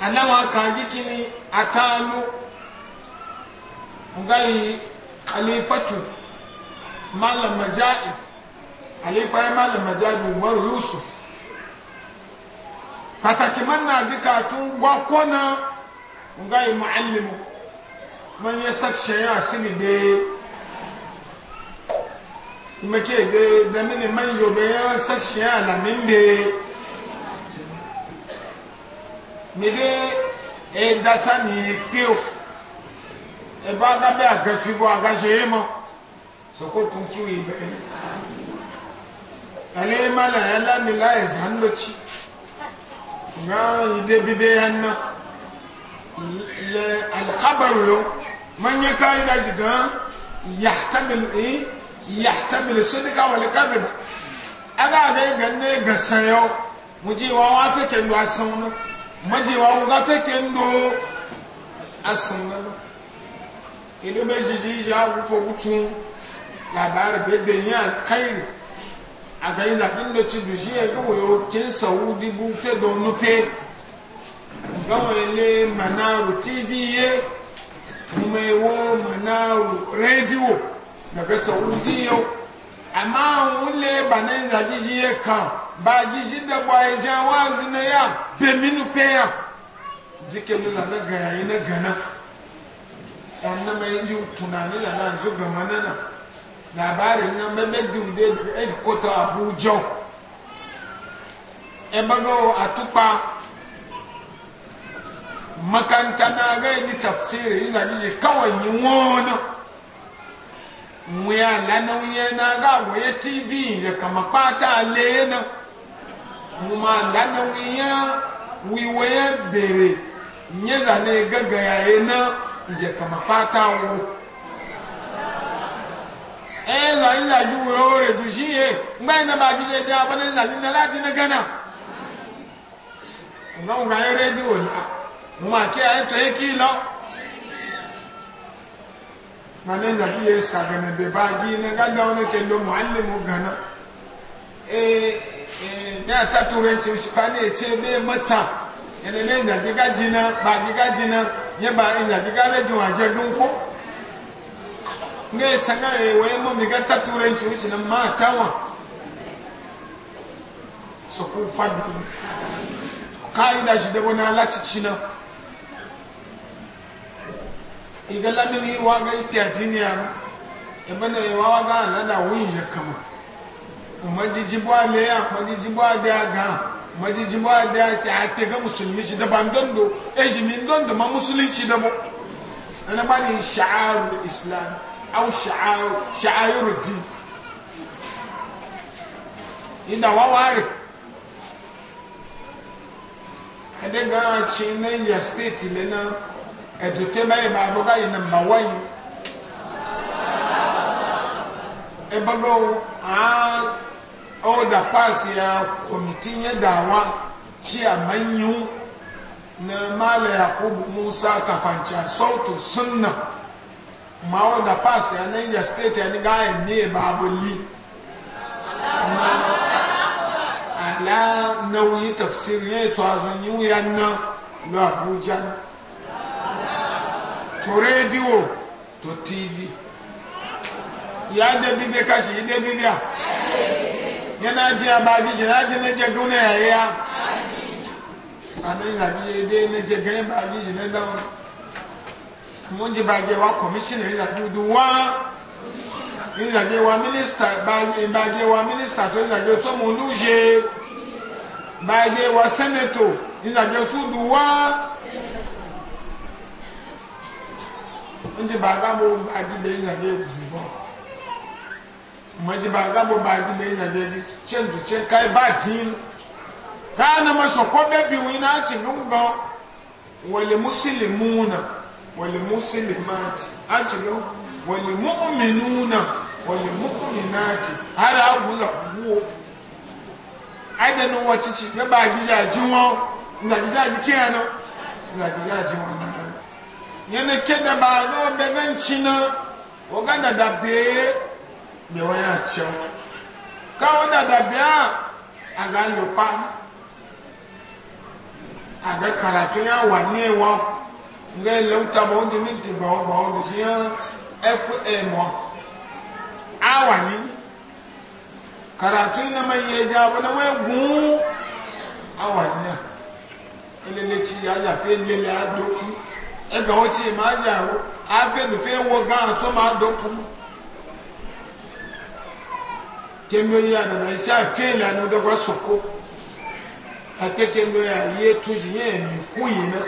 alama ka gikini atalu ngai khalifatu malam majahid alifa ya malam majali umar yusuf pàtàkì man na zika tún gbọ́ kọ́nà nga yi muallimu man ya sakshe ya sini de make de da mini man yobe ya sakshe ya lamin de mi de e dasa ni kiyo e ba ga be agafi bo agaje mo so ko kun kiwi be ni ale mala ya lami laye zandoci ga ide bibe yanna le alkhabar lo man ya kai da jiga yahtamil eh yahtamil sidqa wal kadhib aga ga ganne ga sayo muji wa wa ta ken do asuna muji wa ga ta ken do asuna ile be jiji ya ku ko gutu labar be de yan alkhairi àtẹ̀yìn làkín ló ti dùn sí ẹgbẹ́ òyò tí ń sọ̀wọ́ dìbò kéde onúpé gbọ́n ilé manaru tv yé mọ ewo manaru rédíò gàgẹ́ sọ̀wọ́ dìyó àmọ́ àwọn ilé bànáyìn làjíjì yé kan bàjíjì dẹ́gbọ́ ẹ̀jẹ̀ wá sí ní yá bẹ̀mí nu pé yá jike mi lànà gàyà yín ní gànà ẹ̀ ẹ̀ nàmẹ́yìn jù tùnà ní àjọ gàmánà náà labarin na mamajin bai daga edikoto abuja ebano a tukpa makanta na ga yi tafsiri ina miji kawai yi wani wuya lanauye na ga waye tv ya kama pata kpata alaye na kuma lanauye wiwaye bere nye zane gagaya na ya kama pata wo eh la yin la ju wo re du shi e ngba na ba ju le ja ba na la yin la ti na gana na un ga re di o la mo ma ke ai to e ki lo na ne na ki e sa ga ne be ba gi ne ga da one ke lo muallimu gana eh eh na ta tu ren ti shi pa ne che be matsa ene ne na ki ga jina ba ki ga jina ye ba ina ki ga re ju wa je dun nga ya tsanga ya waye mu mi ga ta turanci wuce nan ma tawa su ku fadu kai da shi da wani alacici na iga lamini wa ga ipiya jiniya ya bana ya wawa ga alada wuyin ya kama majiji bwa le ya majiji bwa da ga majiji bwa da ta ta ga musulmi shi da ban dondo e shi min dondo ma musulunci da mu ana bani sha'arul islam au sha'airu din inda waware adega ci na ya state le na eduke mai ma aboga yi namba wayi ebolo a o da pass ya committee ya dawa ci a na mala yakubu musa kafanca sautu sunna maoro da paasi ya niger state ya ni gaya ne babu li ala nauyi tafsir ya yi tsazun yi wuya na lo abuja na to rediyo to tv ya da bibe kashi ide bibiya yana ji a babi shi na ji na je duniya ya yi ya a nan zabi ya ide na je gani babi shi na wọ́n jẹ́ wa kọ̀míṣínà ìrìn àti ìdù wá ìrìn àjẹ́ wa mínísítà bàjẹ́ wa mínísítà tó ìrìn àjẹ́ sọ́mu olúṣe bàjẹ́ wa sẹ́nẹ̀tò ìrìn àjẹ́ sùdù wá wọ́n jẹ́ bàbá bo àdìgbẹ́ ìrìn àjẹ́ ìbùbọ̀ wọ́n jẹ́ bàbá bo àdìgbẹ́ ìrìn àjẹ́ chẹ́ǹtù chẹ́ǹká ẹ̀ bá dín káà ní mo sọ̀kọ́ bẹ́ẹ̀ bí wọn iná ti dùn gan wọ́n lè mú sílè والمسلمات أجلو والمؤمنون والمؤمنات هذا أقول هو أيضا هو تشي نبا جيجا جوا نبا جيجا جيانا نبا جيجا جوا yana keda ba zo beganci na ogana da bee me waya cewa kawo da da biya a ga lupa a ga karatu ya wa ne wa nga le wuta bɔ ŋdi mi ti bɔ bɔ ŋdi fiɛ ɛfu ɛmɔ awa ni karatu na ma yie dza bɔ na ma gun awa ni na elele tsi ayi afi elele ado ku ega wo tsi ma ayi awo afi nufi wo gã atsɔ ma do ku kemgbe yi adana yi e tsi afi ele anu dɔ gba soko akeke mgbe yi etu yi yɛ mi ku yi na.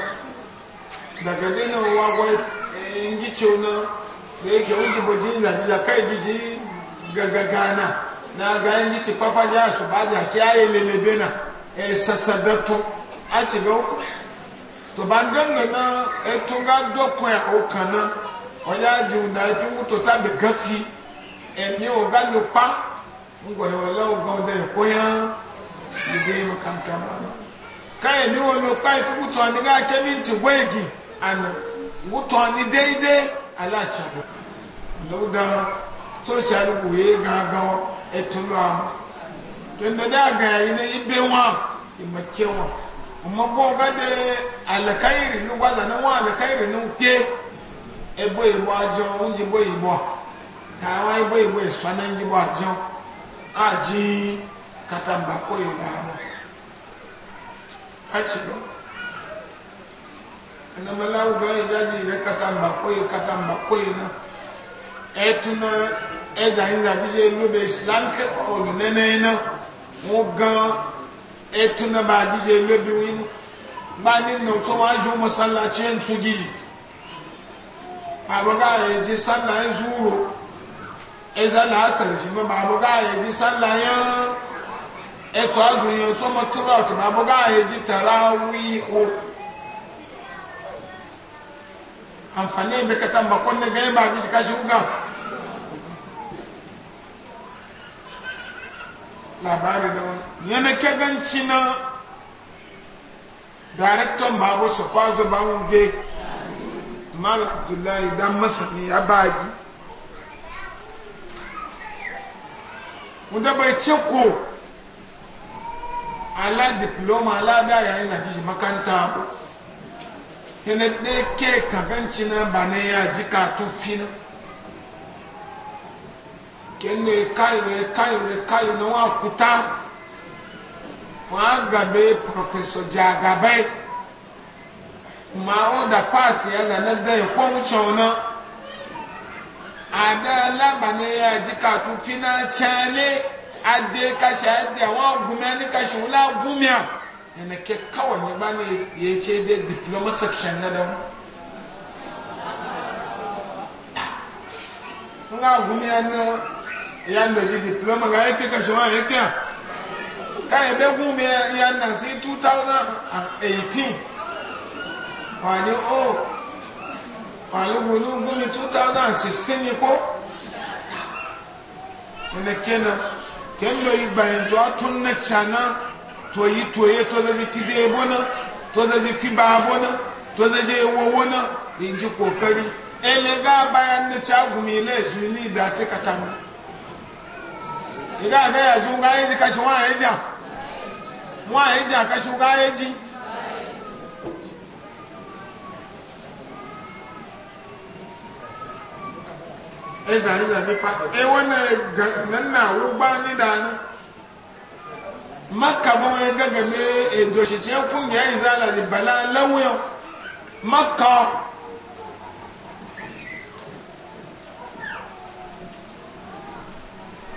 daga bina wagwa eh, yanki cewa da yake wani bajin zafiya kai gishi gagagana na ga yanki ci fafa ya su ba da kiyaye lelebe na e sassadattu a ci ga to ba ganga na eto ga dokon ya uka na ọya ji na wuto ta gafi emi eh, o ga lupa ngwa ya wala ọda ya koya ibe makanta ba ka o kemi ti ana wutɔ ni deede ala tsabu alo gan sosiali wuye gangan etolo ama tondode na yi ne ibe wa ima ke wa ọmọ bọ ga de alakairi nu gbaza ne wọn alakairi nu pie ebo ibo adzɔ ŋdzi bo ibo tàwọn ibo ibo esua na ŋdzi bo adzɔ adzi katamba ko ibo ama atsi lọ. na uga ga idaji ne katamba koyi katamba koyi na etuna eja inda bije lube islam ke olu nene na mo gan etuna ba dije lube wini ba ni no so wa ju masallaci en tugi abuga eji sallah en zuro eza la asar shi ma abuga eji sallah yan eto azu yan so mo throughout abuga eji tarawih o amfani bɛ ka kan ba ko ne gɛn b'a bɛ ka siw labari dɔn ɲɛnɛ kɛ gan ci na darekitɔ maa bɔ sɔkɔazɔ b'anw de mal abdullahi dan masani ya baaji mo daba ce ko ala diploma ala da yayin na fi makanta ina ɗe ke kaganci na ba na ya ji katun fina kenne kayu ne kayu ne kayu na wa kuta wa gabe professor jagabai kuma o da pass ya da na da ko wuce ona ada la ne ya ji katun fina chale ade kashi ade wa gumeni kashi wula gumia yana ke kawai ne ba ne ya ce da diploma section na don nga gumi ya na ya na ji diploma ga yake kashe wa yake ka ya be gumi ya na si 2018 wani o wani gumi gumi 2016 ko yana kenan kendo igbayin to atun na chana toyi toye to zaji fi dai bona to zaji fi ba bona to zaji wo wona in ji kokari ele ga bayan da cagumi le zuli da ta katanu idan ga ya ju ga yi kashi wa ya ja wa ya ja kashi ga ya ji e zani zani fa e wannan nan na rugba ni da ni makka bɔn ye gɛgɛ bɛ edosi tiɲɛ kun jɛ yi la ni bala lawuyɔ makka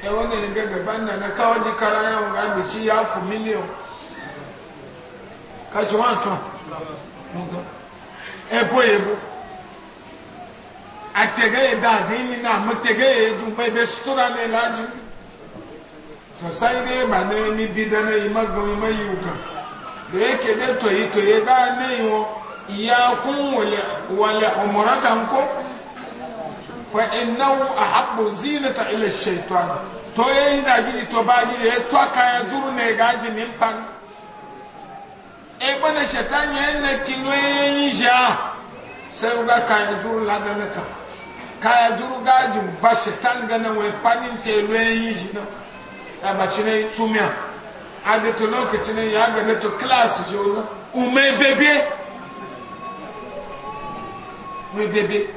ɛwɔ e ne ye gɛgɛ ba nana kawo di karaya o ka bisi y'a fu miliyɔn ka tɔn e e a tɔn mun tɔn ɛ bo ye bo daa ti ni na a ma tɛgɛ ye dun bɛ sutura ne la dun to sai dai ba na yi bi da na yi magan yi mai yuka da yake dai to yi to ya ga na yi wo ya kun wale umuratan ko fa innahu ahabbu zinata ila shaytan to yayi da gidi to ba gidi ya to kaya juru ne ga jinin pan e bana shaytan ya ne kino yayi ja sai ga kaya juru la da ta kaya juru ga jin ba shaytan ga na wai panin ce lo yayi shi na ya baci na tsumiya a da to lokaci na ya ga da to class je wala ume bebe ume bebe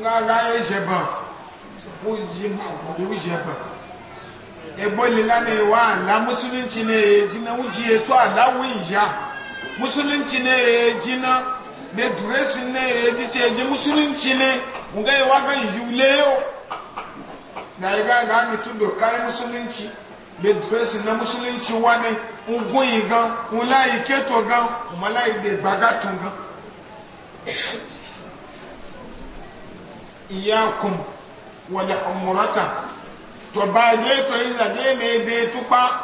nga ga ye jeba so ko ji ma ko wu jeba e bolli ne wa la musulunci ne e jina wuji e to ala win ya musulunci ne e jina be dressing ne e ji ce ji musulunci ne nga yi waga yiwuleyo na yi ga ga mitu kai musulunci be dresi na musulunci wani ugun yi gan ula yi keto gan umala yi de gbaga tun gan iyakum wani umurata to ba je to yi zade ne de tupa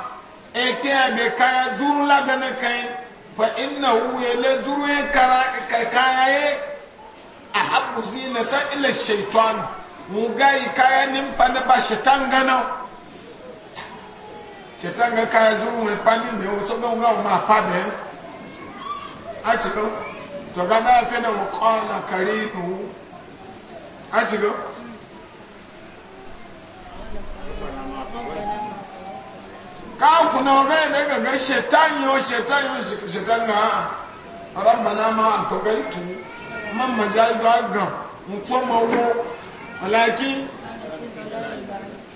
ete abe kaya juru ladana kai fa inna hu yele juru kara kaya ye ahabbu zinatan ila shaitan mu gai kaya nimpa na ba shaitan gana shaitan ga kaya zuru mai pani mai wato ga ga ma pa da a cika to ga na fe na qala karinu a cika ka kuna ga ne ga shaitan yo shaitan yo shaitan na rabbana ma atokaltu man majalu agan mutuwa mawo alaki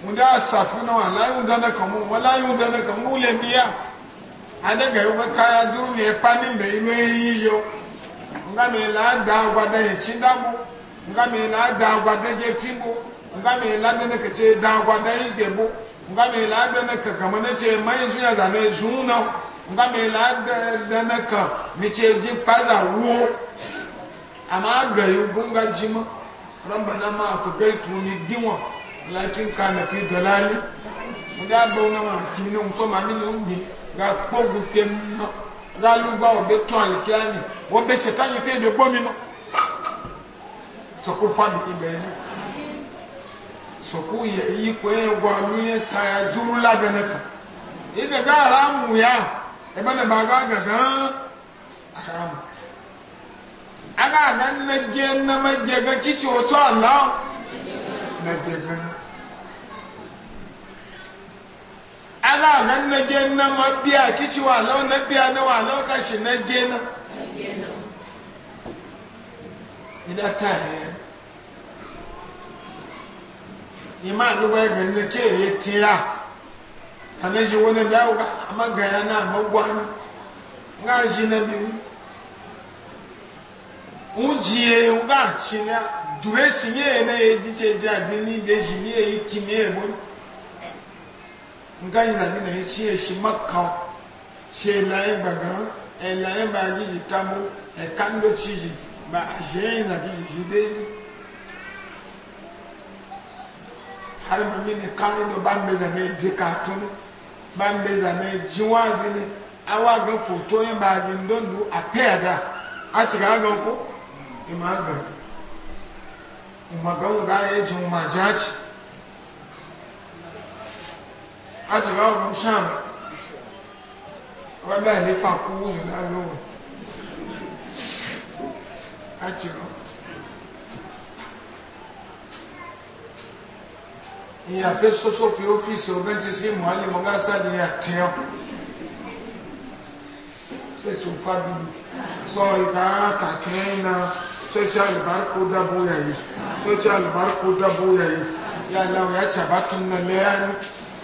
muda safuna walayu dana kamu walayu dana kamu le biya adaga yoga kaya duru ne pani mbe ilo yiyo nga me la da gwada ye chindabu nga me la da gwada ye fimbo nga me la dana kace da gwada ye gebo nga me la dana ka kamana ce mai zuya zane na nga me la dana ka mi ce ji paza wo amma ga yi gunga jima ramba rambana ma to kai tuni diwa lakin kana fi dalali ga bo na ma kinu so ma ni lungi ga pogu kemma ga lugba obe to an kiani wo be shetani fe de gbo mi mo so ko fa bi be ni so ko ye yi ko e gwa lu ye ta ya juru la ga na ka ibe ga ramu ya e ba na ba ga ga ga ramu aga ga nnaje na majega kici otu allah na jega aga ga nnaje na mabiya kici walau na biya na walau kashi na gena ina ta he ima duba ga nnake ya tiya anaji wani dawo ga amma ga yana magwa ga shi na biyu ŋudzie ŋu ba tsinia dure si nye ye ne ye dzitse dze adi ni de zi ni ye ki na ye tsi ye si ma kan si ela ye gbagã ela ye ba dzidzi ta eka ŋdo tsi dzi ba aze ye na dzidzi dzi de ni hali ma mi ne kan do ba ŋbe za ne dzi ka to ba ŋbe za ne dzi wa zi ne awa ge foto ye ba adi ŋdo ŋdo apɛ ya da a tsi imaga umagan ga ya ji umajaci a ti ga ọgbọ̀n sham ọgbẹ́ ìlífà kú wùzù lálówó a ti rọ ìyàfẹ́ sọ́sọ́ fi ọ́fíìsì ọgbẹ́ ti sí mọ́álì mọ́gá sáàdì àtẹ́ọ́ sẹ́tù fábí sọ ìdára kàkẹ́ náà soci albarku da boyayi soci albarku da boyayi ya lawa ya caba tunna layani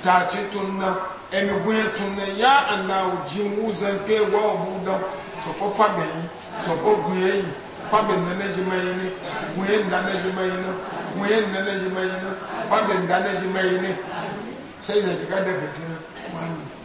ta ci tunna ẹni gbóyè tunna ya aláwọ jinwu zanke wọ ọhún dán sọkọ fàbẹyìn sọkọ gbìyànjú fàbẹyìn nana jimayin ni gbìyànjú nana jimayin ni gbìyànjú nana jimayin ni fàbẹyìn nana jimayin ni sẹyìn ẹsẹ ká dẹgẹ kí ni wọn ni.